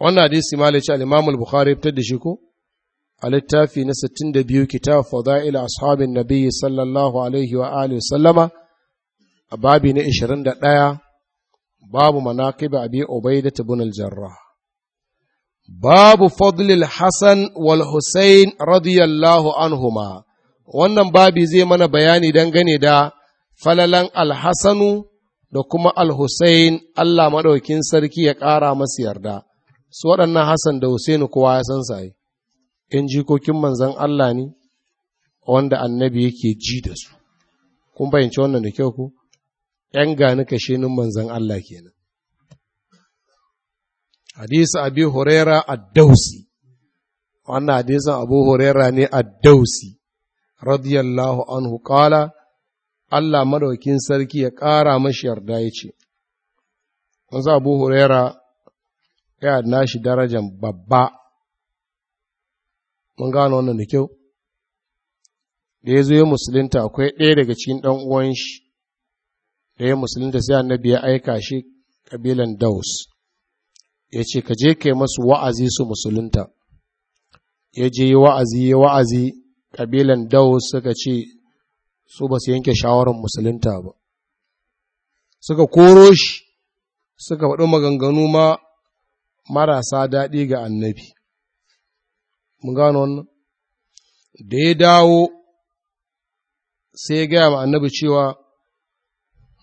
[SPEAKER 1] wannan hadisi malice al-imamul bukhari fitar da shi ko a littafi na 62 kitab fadail ashabin nabi sallallahu alaihi wa alihi sallama a babi na 21 babu manaqib abi ubaidah ibn al-jarrah babu fadlil Hassan wal Hussein radiyallahu anhuma wannan babi zai mana bayani gane da falalan alhassanu da kuma alhussein Allah maɗaukin sarki ya ƙara masu yarda su waɗannan Hassan da Hussein kowa ya san saye in jikokin manzan Allah ne wanda annabi yake ji da su kun fahimci wannan da kyau ku ‘yan gani ni manzan Allah kenan hadisi abi huraira ad-dausi wannan hadisin abu huraira ne ad-dausi radiyallahu anhu kala Allah madaukin sarki ya ƙara mashi yarda ya ce, Wanzu abu huraira ya nashi darajan babba, mun gano wannan da kyau, da ya zo ya musulunta akwai ɗaya daga cikin ɗan uwan shi, da ya musulunta sai annabi ya aika shi ƙabilan Daus. ya ce ka je kai masu wa'azi su musulunta ya je yi wa'azi ya wa'azi ƙabilan daus suka ce su ba su yanke shawarar musulunta ba suka koro shi suka faɗo maganganu ma marasa daɗi ga annabi mun gano wannan da ya dawo sai ya gaya ma annabi cewa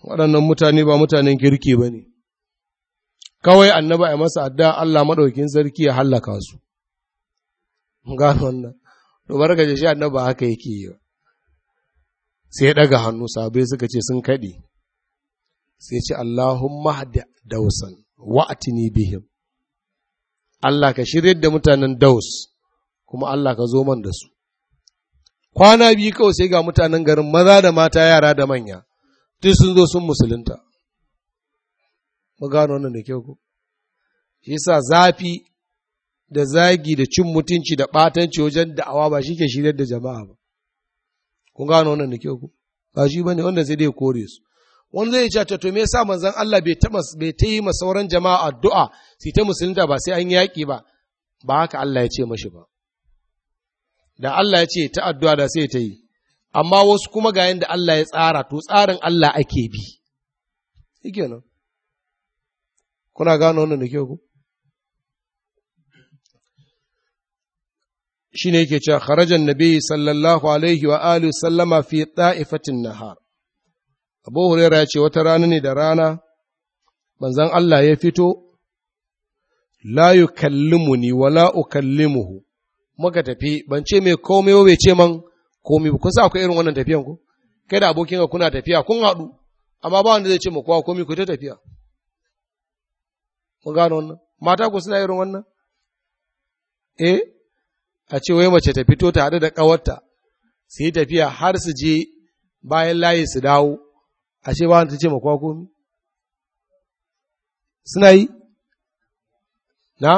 [SPEAKER 1] waɗannan mutane ba mutanen kirki ba ne kawai annaba a masa adda Allah maɗaukin sarki ya hallaka su. Gano wannan, domin gaje shi annaba haka yake yi. Sai ɗaga hannu sabai suka ce sun kaɗe, sai ce Allahumma hada dausan wa'atini bihim. Allah ka shirya da mutanen daus, kuma Allah ka zo man da su. Kwana biyu kawai sai ga mutanen garin maza da mata yara da manya, duk sun zo sun musulunta. mu gano wannan da kyau ko? Shi yasa zafi da zagi da cin mutunci da ɓatanci wajen da'awa ba shi ke shirar da jama'a ba. Kun gano wannan da kyau ko? Ba shi bane wanda sai dai kore su. Wani zai ce to me yasa manzon Allah bai ta bai ta yi sauran jama'a addu'a sai ta musulunta ba sai an yaki ba. Ba haka Allah ya ce mashi ba. Da Allah ya ce ta addu'a da sai ta yi. amma wasu kuma ga yanda Allah ya tsara to tsarin Allah ake bi. shikenan Kuna gano wannan da kyau ku? Shi ne yake cewa kharajan nabi sallallahu alaihi wa alihi sallama fi ta'ifatin nahar. Abu Huraira ya ce wata rana ne da rana manzon Allah ya fito la yukallimuni wala ukallimuhu muka tafi ban ce mai komai ba bai ce man komai ba kusa akwai irin wannan tafiyan ku kai da abokin ka kuna tafiya kun haɗu amma ba wanda zai ce ma kowa komai ku ta tafiya Mun gano wannan. Mata ku suna irin wannan? e a ce wai mace ta fito ta haɗu da ƙawarta, su yi tafiya har su je bayan layi su dawo, a ce ba ta ce makwa komi? Suna yi? Na?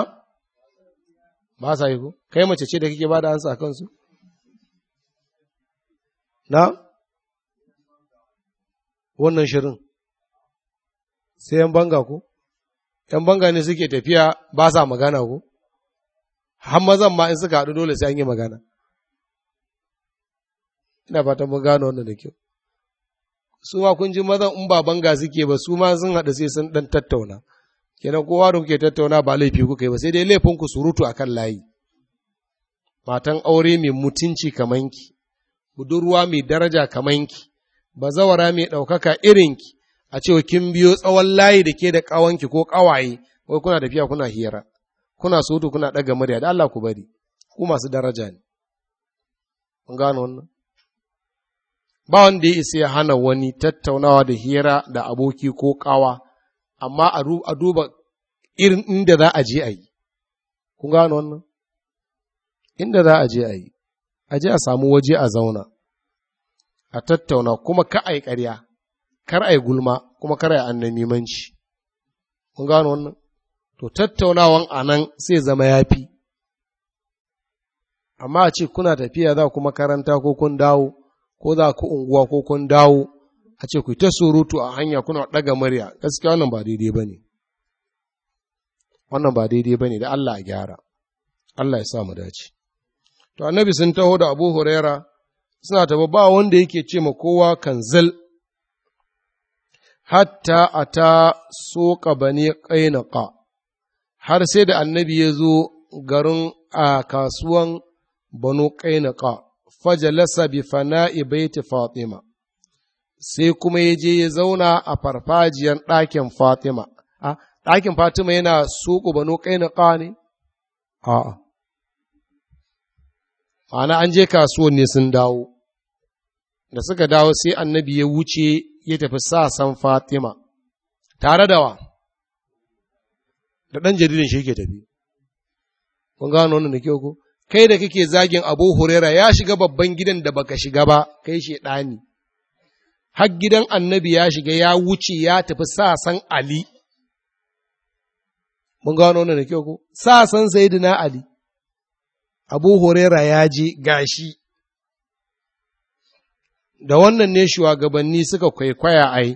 [SPEAKER 1] Ba sa yi ko? Kai mace ce da kake ba da ansa a kansu? Na? Wannan shirin, sai yan banga ko? ‘yan banga ne suke tafiya ba sa magana ko, har mazan ma in suka haɗu dole sai an yi magana. Ina fatan mun gano wannan da kyau. Su ma kun ji mazan in ba banga suke ba su ma sun haɗu sai sun ɗan tattauna. Kenan kowa da kuke tattauna ba laifi kuka yi ba sai dai laifin ku surutu a kan layi. Matan aure mai mutunci kamanki, budurwa mai daraja kamanki, bazawara mai ɗaukaka irinki, a cewa kin biyo tsawon layi da ke da ƙawanki ko ƙawaye wai kuna tafiya kuna hira kuna sutu kuna ɗaga murya da Allah ku bari ku masu daraja ne kun gano wannan ba wanda ya isa ya hana wani tattaunawa da hira da aboki ko ƙawa amma a duba irin inda za a je a yi kun gano wannan inda za a je a yi a je a samu waje a zauna a tattauna kuma ka a yi ƙarya kar a yi gulma kuma kar a yi annan annamimanci mun gano wannan to tattaunawan nan sai zama yafi amma a ce kuna tafiya za ku makaranta ko kun dawo ko za ku unguwa ko kun dawo a ce ku ta surutu a hanya kuna ɗaga murya gaskiya wannan ba daidai ba ne, wannan ba daidai ba ne da Allah a gyara Allah ya sa mu dace to annabi sun taho da Abu Huraira suna tafi ba wanda yake ce ma kowa kanzal hatta a ta soka bane ƙainaka, har sai da annabi ya zo garin a kasuwan banu ƙainaka, fajalasa bi fana'i baiti Fatima, sai kuma ya je ya zauna a farfajiyan ɗakin Fatima. A, ɗakin Fatima yana soƙo banu ƙainaka ne? A'a. Ma'ana an je kasuwan ne sun dawo, da suka dawo sai annabi ya wuce ya tafi san Fatima, tare da wa, da ɗan jaridin shi ke tafi. Kun gano wannan da kyau ko? Kai da kake zagin Abu Huraira ya shiga babban gidan da baka shiga ba, kai shi ɗani. Har gidan annabi ya shiga ya wuce ya tafi sasan Ali. Mun gano wannan da kyau ko? Sasan Sayyidina Ali. Abu Huraira ya je gashi da wannan ne shugabanni suka kwaikwaya ai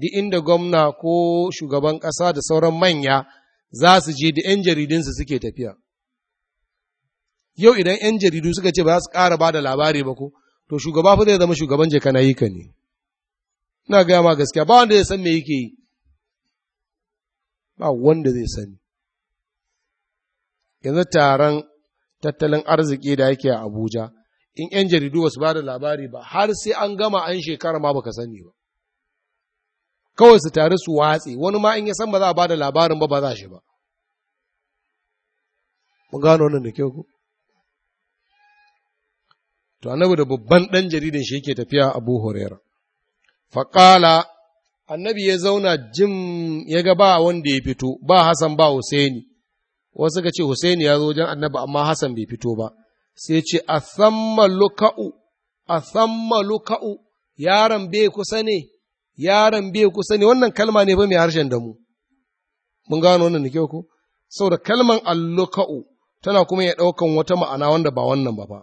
[SPEAKER 1] duk inda gwamna ko shugaban ƙasa da sauran manya za su je da 'yan jaridunsu suke tafiya yau idan 'yan jaridu suka ce ba za su ƙara ba da labari ba ko to shugaba fi zai zama shugaban jeka na yi ka ne ina gaya ma gaskiya ba wanda zai san me yake yi ba wanda zai sani yanzu taron tattalin arziki da yake a abuja in ‘yan jaridu ba su ba da labari ba har sai an gama an shekara ma baka sani ba kawai su tare su watsi, wani ma in ya san ba za a ba da labarin ba ba za shi ba mun gano wannan da kyau ku to annabi da babban ɗan jaridan shi yake tafiya abu huraira faƙala annabi ya zauna jim ya ga ba wanda ya fito ba Hassan ba Husaini wasu ka ce Husaini ya zo wajen annabi amma Hassan bai fito ba sai ce a samma luka'u, a samma luka'u, yaron bai kusa ne, yaron bai kusa ne, wannan kalma ne ba mai harshen damu. Mun gano wannan da kyau ko? Saboda kalman alluka'u tana kuma ya ɗaukan wata ma'ana wanda ba wannan ba ba.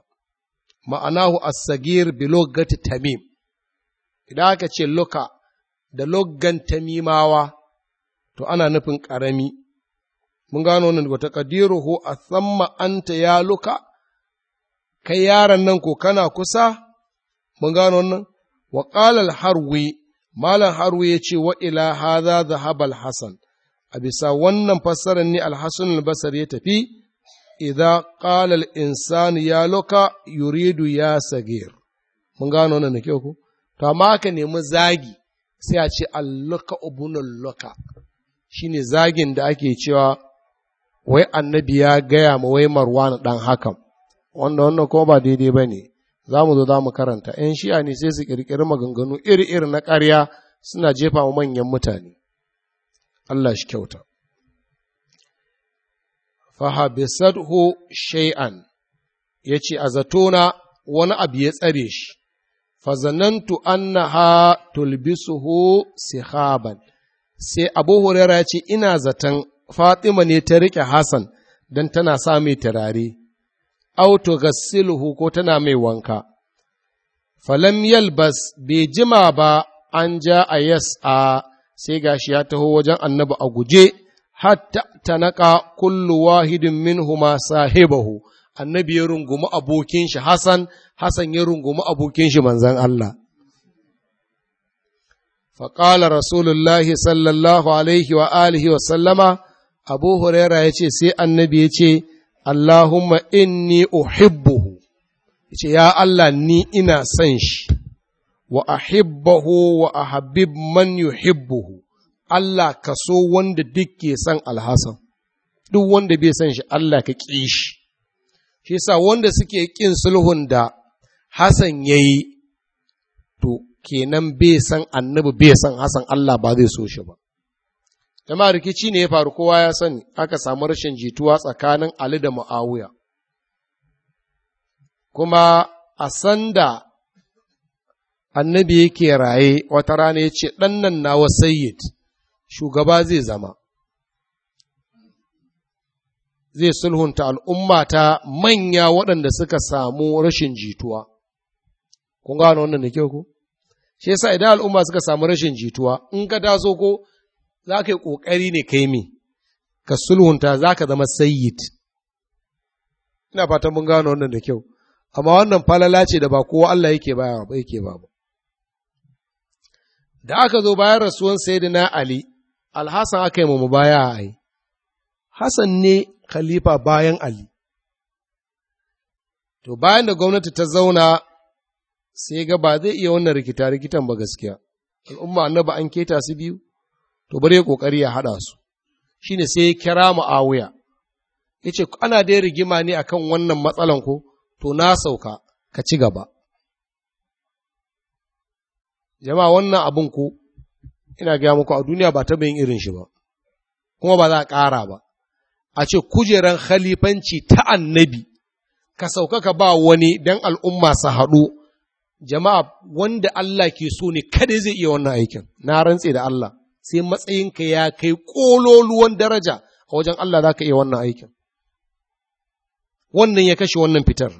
[SPEAKER 1] Ma'anahu as-sagir bi tamim. Idan aka ce luka da logan tamimawa, to ana nufin ƙarami. Mun gano wannan wa taqdiruhu asamma anta ya luka kai yaron nan ko kana kusa? Mun gano wannan? Wa ƙalal harwi, Malam harwi ya ce wa ila haza da habal Hassan, a bisa wannan fassarar ne alhassan albasar ya tafi, idza ƙalal insan ya loka yuridu ya sagir. Mun gano wannan da kyau ku? To, amma ka nemi zagi, sai a ce alluka ubunul loka, shi ne zagin da ake cewa wai annabi ya gaya ma wai marwana ɗan hakan. wanda wannan ko ba daidai ba ne za mu zo za mu karanta ‘yan shi'a ne sai su ƙirƙiri maganganu iri-iri na ƙarya suna jefa wa manyan mutane Allah shi kyauta fahabisadhu shay'an ce a zatona wani abu ya tsare shi fazanantu annaha tulbisuhu sihaban sai abu hurera ya ce ina zaton fatima ne ta riƙe hassan don tana sa mai turare aw tughassiluhu ko tana mai wanka falam yalbas bai jima ba an ja a yas'a sai gashi ya taho wajen annabi a guje hatta tanaka kullu wahidin minhuma sahibahu annabi ya rungumi abokin shi Hassan Hassan ya rungumi abokin shi manzon Allah faƙala rasulullahi sallallahu alaihi wa alihi wa sallama abu huraira ya ce sai annabi ya ce Allahumma inni uhibbuhu yace ya Allah ni ina san shi wa ahibbahu wa ahabbib man yuhibbuhu Allah ka wanda duk ke son alhassan duk wanda bai son shi Allah ka ƙi shi shi sa wanda suke ƙin sulhun da Hassan ya yi to kenan bai san annabi bai san Hassan Allah ba zai so shi ba Jama'a rikici ne ya faru kowa ya sani aka samu rashin jituwa tsakanin Ali da Mu'awiya. Kuma a sanda annabi yake raye wata rana ya ce ɗannan na nawa sayyid shugaba zai zama. Zai sulhunta al'umma ta manya waɗanda suka samu rashin jituwa. Kun gano wannan da kyau ku? Shi yasa idan al'umma suka samu rashin jituwa, in ka taso ko za ka yi ƙoƙari ne ka yi mi, ka sulhunta za ka zama sayyid. Ina fatan mun gano wannan da kyau, amma wannan falala ce da ba kowa Allah yake ba yake ba. ba? Da aka zo bayan rasuwan Sayyidina Ali, Alhassan aka yi mu baya a yi, Hassan ne khalifa bayan Ali. To bayan da gwamnati ta zauna sai ga ba zai iya wannan rikita rikitan ba gaskiya, al'umma annaba an keta su biyu, to bari ya kokari ya haɗa su shine sai ya kira mu'awiya yace ana dai rigima ne kan wannan matsalan ko to na sauka ka ci gaba jama wannan abun ko ina gaya muku a duniya ba taɓa yin irin shi ba kuma ba za a ƙara ba a ce kujeran khalifanci ta annabi ka sauka ka ba wani don al'umma su haɗu jama'a wanda Allah ke so ne kada zai iya wannan aikin na rantse da Allah sai matsayinka ya kai ƙololuwan daraja a wajen Allah za ka iya wannan aikin. Wannan ya kashe wannan fitar.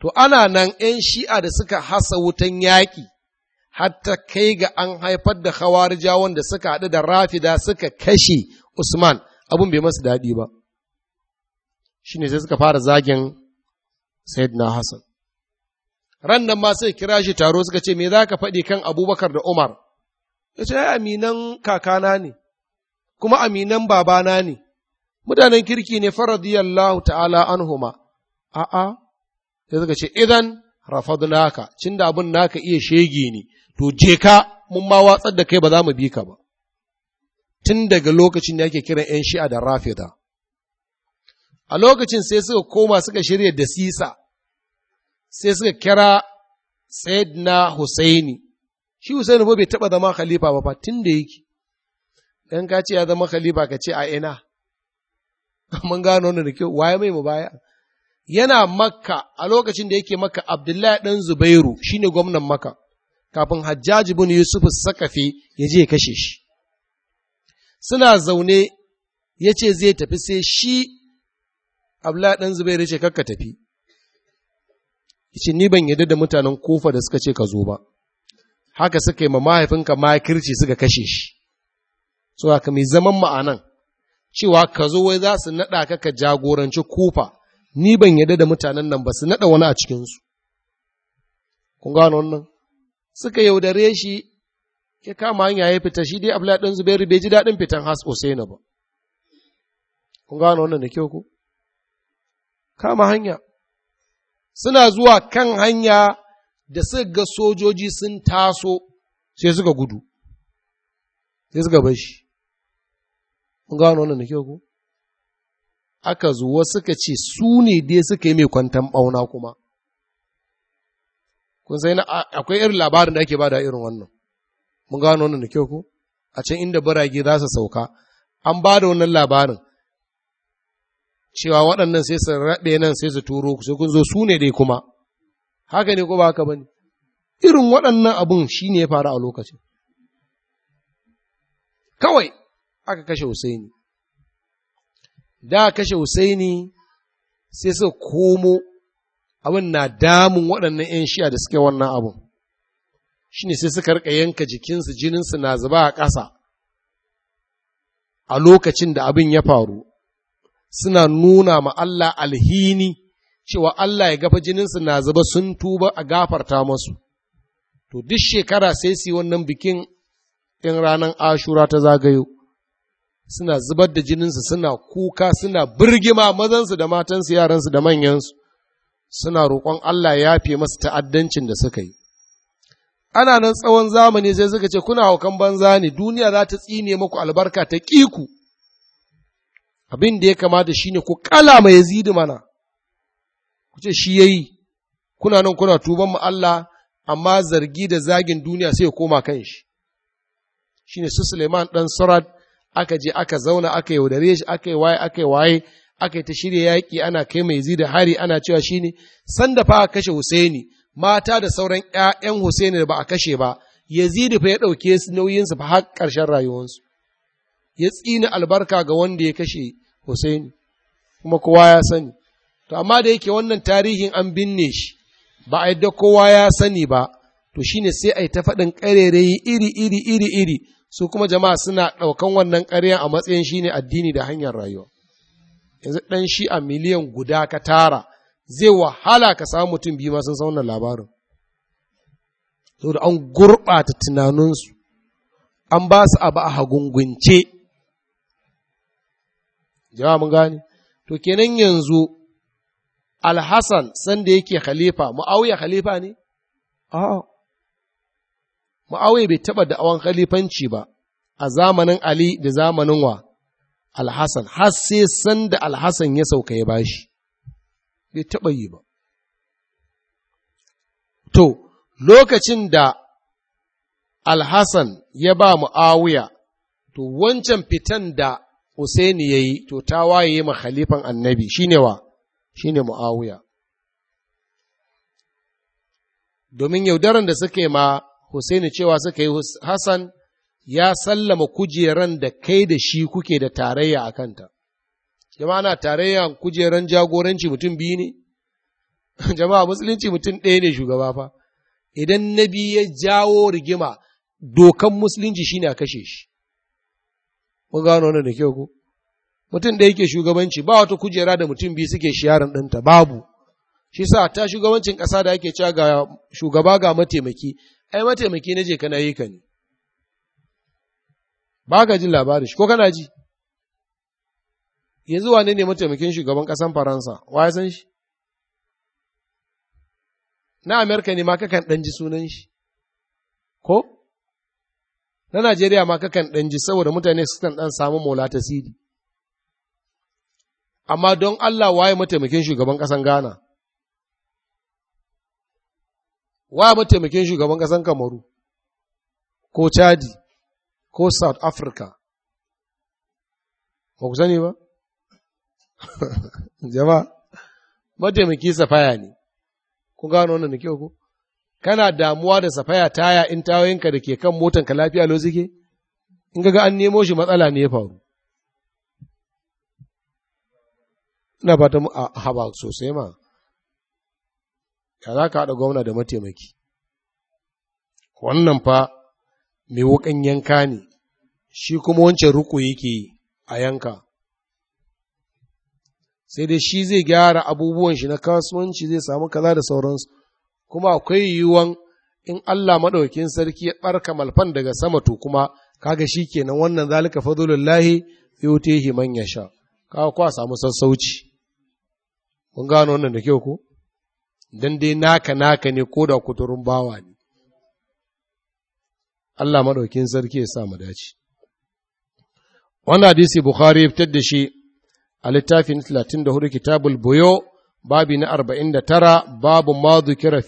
[SPEAKER 1] To, ana nan ‘yan shi'a da suka hasa wutan yaƙi, hatta kai ga an haifar da hawarijawan wanda suka haɗu da rafida suka kashe Usman, abin bai masu daɗi ba. Shi ne sai suka fara zagin Sayyidina Hassan. Ran nan ma sai kira shi taro suka ce, Me za ka faɗi kan Abubakar da Umar? ya ce aminan kakana ne, kuma aminan babana ne, mutanen kirki ne faradiyallahu ta'ala anhuma, a'a, sai suka ce, idan naka, cin da abin naka iya shege ne, to je ka mun ma watsar da kai ba za mu bi ka ba. Tun daga lokacin da ake kiran ‘yan shi'a da rafida. A lokacin sai suka koma suka shirya da sisa, sai suka kira Sayyidina Husaini shi Usaini bai taba zama khalifa ba tun da yake dan ka ce ya zama khalifa ka ce a ina mun gano wannan da kyau waye mai mu baya yana makka a lokacin da yake makka abdullahi dan zubairu shine gwamnan makka kafin hajjaji bin yusuf sakafi ya je ya kashe shi suna zaune ya ce zai tafi sai shi abdullahi dan zubairu ya ce kakka tafi ya ni ban yarda da mutanen kofa da suka ce ka zo ba haka suka yi ma mahaifinka makirci suka kashe shi so haka mai zaman ma'anan cewa ka zo wai za su naɗa ka ka jagoranci kufa ni ban yadda da mutanen nan ba su naɗa wani a cikinsu kun gano wannan suka yaudare shi ya kama hanya ya fita shi dai abla ɗin zubairu bai ji daɗin fitan has Hussein ba kun gano wannan da kyau ku kama hanya suna zuwa kan hanya da suka ga sojoji sun taso sai suka gudu sai suka bar shi mun gano wannan da kyau ko aka zuwa suka ce su ne dai suka yi mai kwantan bauna kuma kun sai akwai irin labarin da ake ba da irin wannan mun gano wannan da kyau ko a can inda barage za su sauka an ba da wannan labarin cewa waɗannan sai su raɗe nan sai su turo ku sai kun zo su ne dai kuma haka ne ko ba haka bane irin waɗannan abun shi ne ya faru a lokacin kawai aka kashe Husaini da kashe Husaini sai suka komo abin na damun waɗannan 'yan shiya da suke wannan abun shi ne sai suka rika yanka jikinsu jininsu na zuba a ƙasa a lokacin da abin ya faru suna nuna ma Allah alhini cewa Allah ya gafa jininsu na zuba sun tuba a gafarta masu. To, duk shekara sai su wannan bikin in ranar ashura ta zagayo, suna zubar da jininsu suna kuka suna birgima mazansu da matansu yaransu da manyansu, suna roƙon Allah ya fi masu ta'addancin da suka yi. Ana nan tsawon zamani sai suka ce, Kuna haukan banza ne, duniya za ta tsine maku albarka ta ƙiku, abin da ya kamata shi ne ku kala mai zidi mana. ku ce shi yayi kuna nan kuna tuban mu Allah amma zargi da zagin duniya sai ya koma kan shi ne su Suleiman ɗan Surat aka je aka zauna aka yaudare shi aka yi waye aka yi waye aka yi ta shirya yaƙi ana kai mai zida hari ana cewa shi shine sanda fa kashe Husaini mata da sauran ƴaƴan Husaini da ba a kashe ba Yazid fa ya ɗauke su nauyin fa har ƙarshen rayuwarsu ya tsini albarka ga wanda ya kashe Husaini kuma kowa ya sani to amma da yake wannan tarihin an binne shi ba a yadda kowa ya sani ba to shine sai a yi ta faɗin ƙarerayi iri iri iri iri su kuma jama'a suna ɗaukan wannan ƙarya a matsayin shi ne addini da hanyar rayuwa yanzu ɗan shi a miliyan guda ka tara zai wahala ka samu mutum biyu masu sun labarin saboda an gurɓata tunaninsu an ba su abu a hagungunce jama'a mun gane to kenan yanzu Alhassan sanda yake khalifa, ma'auya khalifa ne? A'a. Ma'auya bai taɓa da'awan khalifanci ba a zamanin Ali da zamanin wa Alhassan, har sai sanda Alhassan ya sauka ya bashi, bai taɓa yi ba. To, lokacin da Alhassan ya ba ma'auya, to wancan fitan da Usaini ya yi, to ta waye ma khalifan annabi, shi ne wa? shine mu'awiya domin yaudaran da suke ma Husaini cewa suka yi Hassan ya sallama kujeran da kai da shi kuke da tarayya a kanta. Jama'a na tarayya kujeran jagoranci mutum biyu ne? Jama'a musulunci mutum ɗaya ne shugaba fa. Idan na biyu ya jawo rigima dokan musulunci shine a kashe shi. Mun gano wannan da kyau ko? mutum da yake shugabanci ba wata kujera da mutum biyu suke shiyarar ɗinta babu shi sa ta shugabancin ƙasa da ake cewa ga shugaba ga mataimaki ai mataimaki na je ka na yi ka ne ba ka jin labarin shi ko kana ji yanzu wane ne mataimakin shugaban ƙasan faransa wa ya san shi na amerika ne ma kakan ɗan ji sunan shi ko na najeriya ma kakan ɗan ji saboda mutane su kan ɗan samu mola ta sidi amma don Allah waye mataimakin shugaban ƙasan Ghana? Waye mataimakin shugaban ƙasan Kamaru, ko Chadi, ko South Africa? Ba ku sani ba? Jama'a, mataimaki safaya ne, ku gano wannan da kyau ko? Kana damuwa da safaya taya in tawayinka da ke kan motanka lafiya lo suke? In ga an nemo shi matsala ne ya faru. ina fata mu a haba sosai ma ya za ka haɗa gwamna da mataimaki wannan fa mai wukan yanka ne shi kuma wancan ruku yake a yanka sai dai shi zai gyara abubuwan shi na kasuwanci zai samu kaza da sauransu kuma akwai yiwuwan in Allah maɗaukin sarki ya ɓarka malfan daga sama to kuma kaga shi kenan wannan zalika fadlullahi yutihi himan ya sha. kawo kwa samu sassauci kun gano wannan da kyau ko dan dai naka naka ne ko da kuturun bawa ne Allah madaukin sarki ya sa mu dace wannan hadisi bukhari ya fitar da shi a littafin 34 kitabul buyo babi na 49 babu ma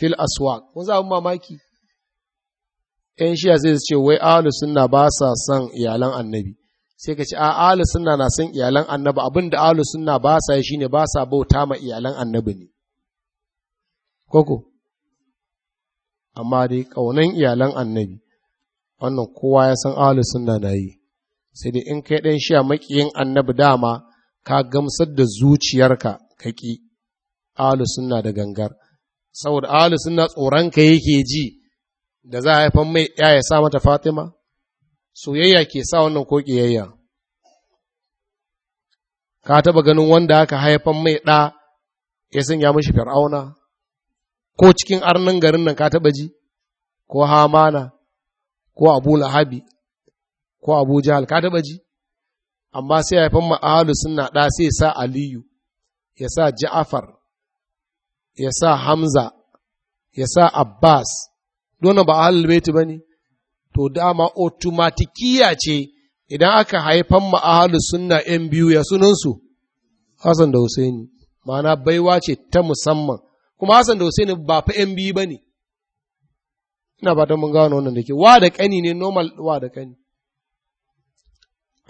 [SPEAKER 1] fil aswaq kun za mu mamaki ‘yan shiya sai ce wai ahalu sunna ba sa son iyalan annabi sai ka ce a ahlus sunna na san iyalan annabi abinda da ahlus sunna ba sa yi shine ba sa bauta ma iyalan annabi ne koko amma dai kaunan iyalan annabi wannan kowa ya san ahlus sunna na yi sai dai in kai dan a makiyin annabi dama ka gamsar da zuciyarka ka ki ahlus sunna da gangar saboda ahlus sunna tsoron ka yake ji da za a haifan mai ya ya sa mata Fatima soyayya ke sa wannan ko ƙiyayya ka taɓa ganin wanda aka haifan mai ɗa ya sanya mashi fir'auna ko cikin arnin garin nan ka taɓa ji ko hamana ko abu lahabi ko abu jahal ka taɓa ji amma sai haifan ma'ahalu suna ɗa sai sa aliyu ya sa ja'afar ya sa hamza ya sa abbas dole ba ahalul baiti ba ne to dama otomatikiya ce idan aka haifan ma'ahalu sunna ‘yan biyu ya sunansu, Hassan da Husaini, ma'ana baiwa ce ta musamman, kuma Hassan da Husaini ba fa ‘yan biyu ba ne, ina ba ta mun gano wannan da ke, wa da ƙani ne normal wa da ƙani.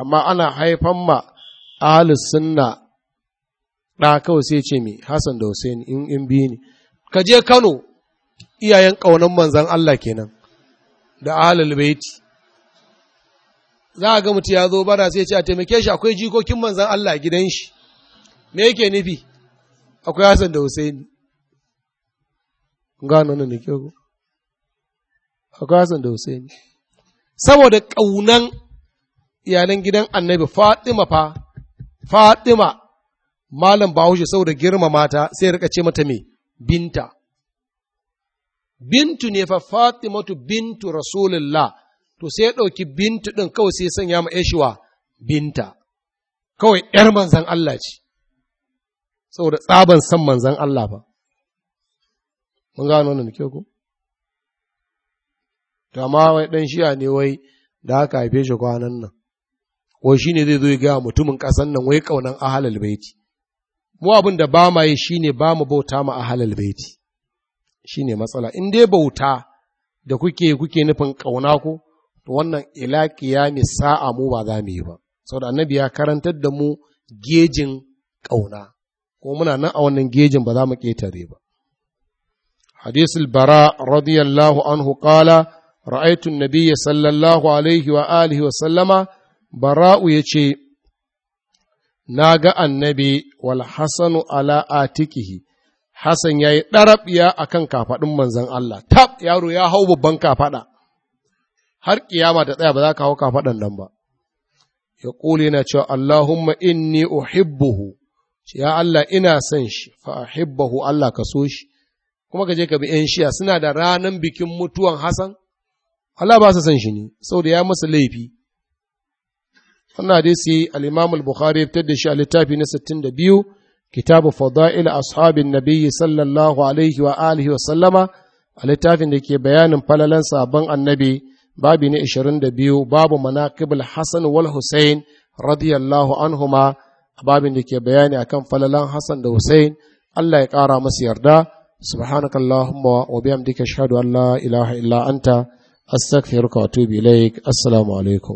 [SPEAKER 1] Amma ana haifan ma ahalu sunna ɗa kawai sai ce me Hassan da Husaini in biyu ne. Ka je Kano, iyayen ƙaunar manzan Allah kenan. da ahlul baiti za a ga mutu ya zo bana sai ce a taimake shi akwai jikokin manzan Allah gidan shi me yake nufi akwai hasan da Husaini gano nan nake ko akwai hasan da Husaini saboda kaunan iyalan gidan Annabi Fatima fa Fatima malam bahushe saboda girma mata sai rika ce mata me binta bintu ne fa Fatimatu bintu Rasulullah, to sai ya ɗauki bintu ɗin kawai sai sanya ma yashiwa binta, kawai ‘yar manzan Allah ce, saboda tsaban san manzan Allah fa Mun gano wannan ko? To, amma wai ɗan shiya ne wai da aka haife shi kwanan nan, wai shi ne zai zo ya gaya mutumin kasan nan wai ƙaunan ahalal baiti. Mu abin da ba ma yi shi ne ba mu bauta ma ahalal baiti. shi ne matsala in dai bauta da kuke kuke nufin ƙauna ku, to wannan ilaƙiya mai sa'a mu ba za mu yi ba sau da annabi ya karantar da mu gejin ƙauna ko muna nan a wannan gejin ba za mu ƙetare ba radiyallahu anhu ƙala, الله عنه sallallahu alaihi النبي wa الله عليه وآله وسلم براء يشي Annabi wal والحسن ala Atikihi. Hassan ya yi ɗarabiya a kan kafaɗin manzan Allah, tab yaro ya hau babban kafaɗa, har ƙiyama ta tsaya ba za ka hau kafaɗan nan ba. Ya ƙuli na cewa Allahumma inni uhibbuhu, ya Allah ina son shi, fa Allah ka so shi, kuma ka je ka bi ‘yan shiya suna da ranar bikin mutuwan Hassan? Allah ba su son shi ne, saboda ya masa laifi. Wannan hadisi al-Imam bukhari ya fitar da shi a littafi na biyu. kitabu fada'il ashabin nabiyyi sallallahu alaihi wa sallama a littafin da ke bayanin falalan sabon annabi babi na 22 babu manaqibul hasan wal husain radiyallahu ma, a babin da ke bayani akan falalan Hassan da husain Allah ya ƙara masu yarda subhanakallahumma wa bihamdika ashhadu an la ilaha illa anta astaghfiruka wa atubu ilaik assalamu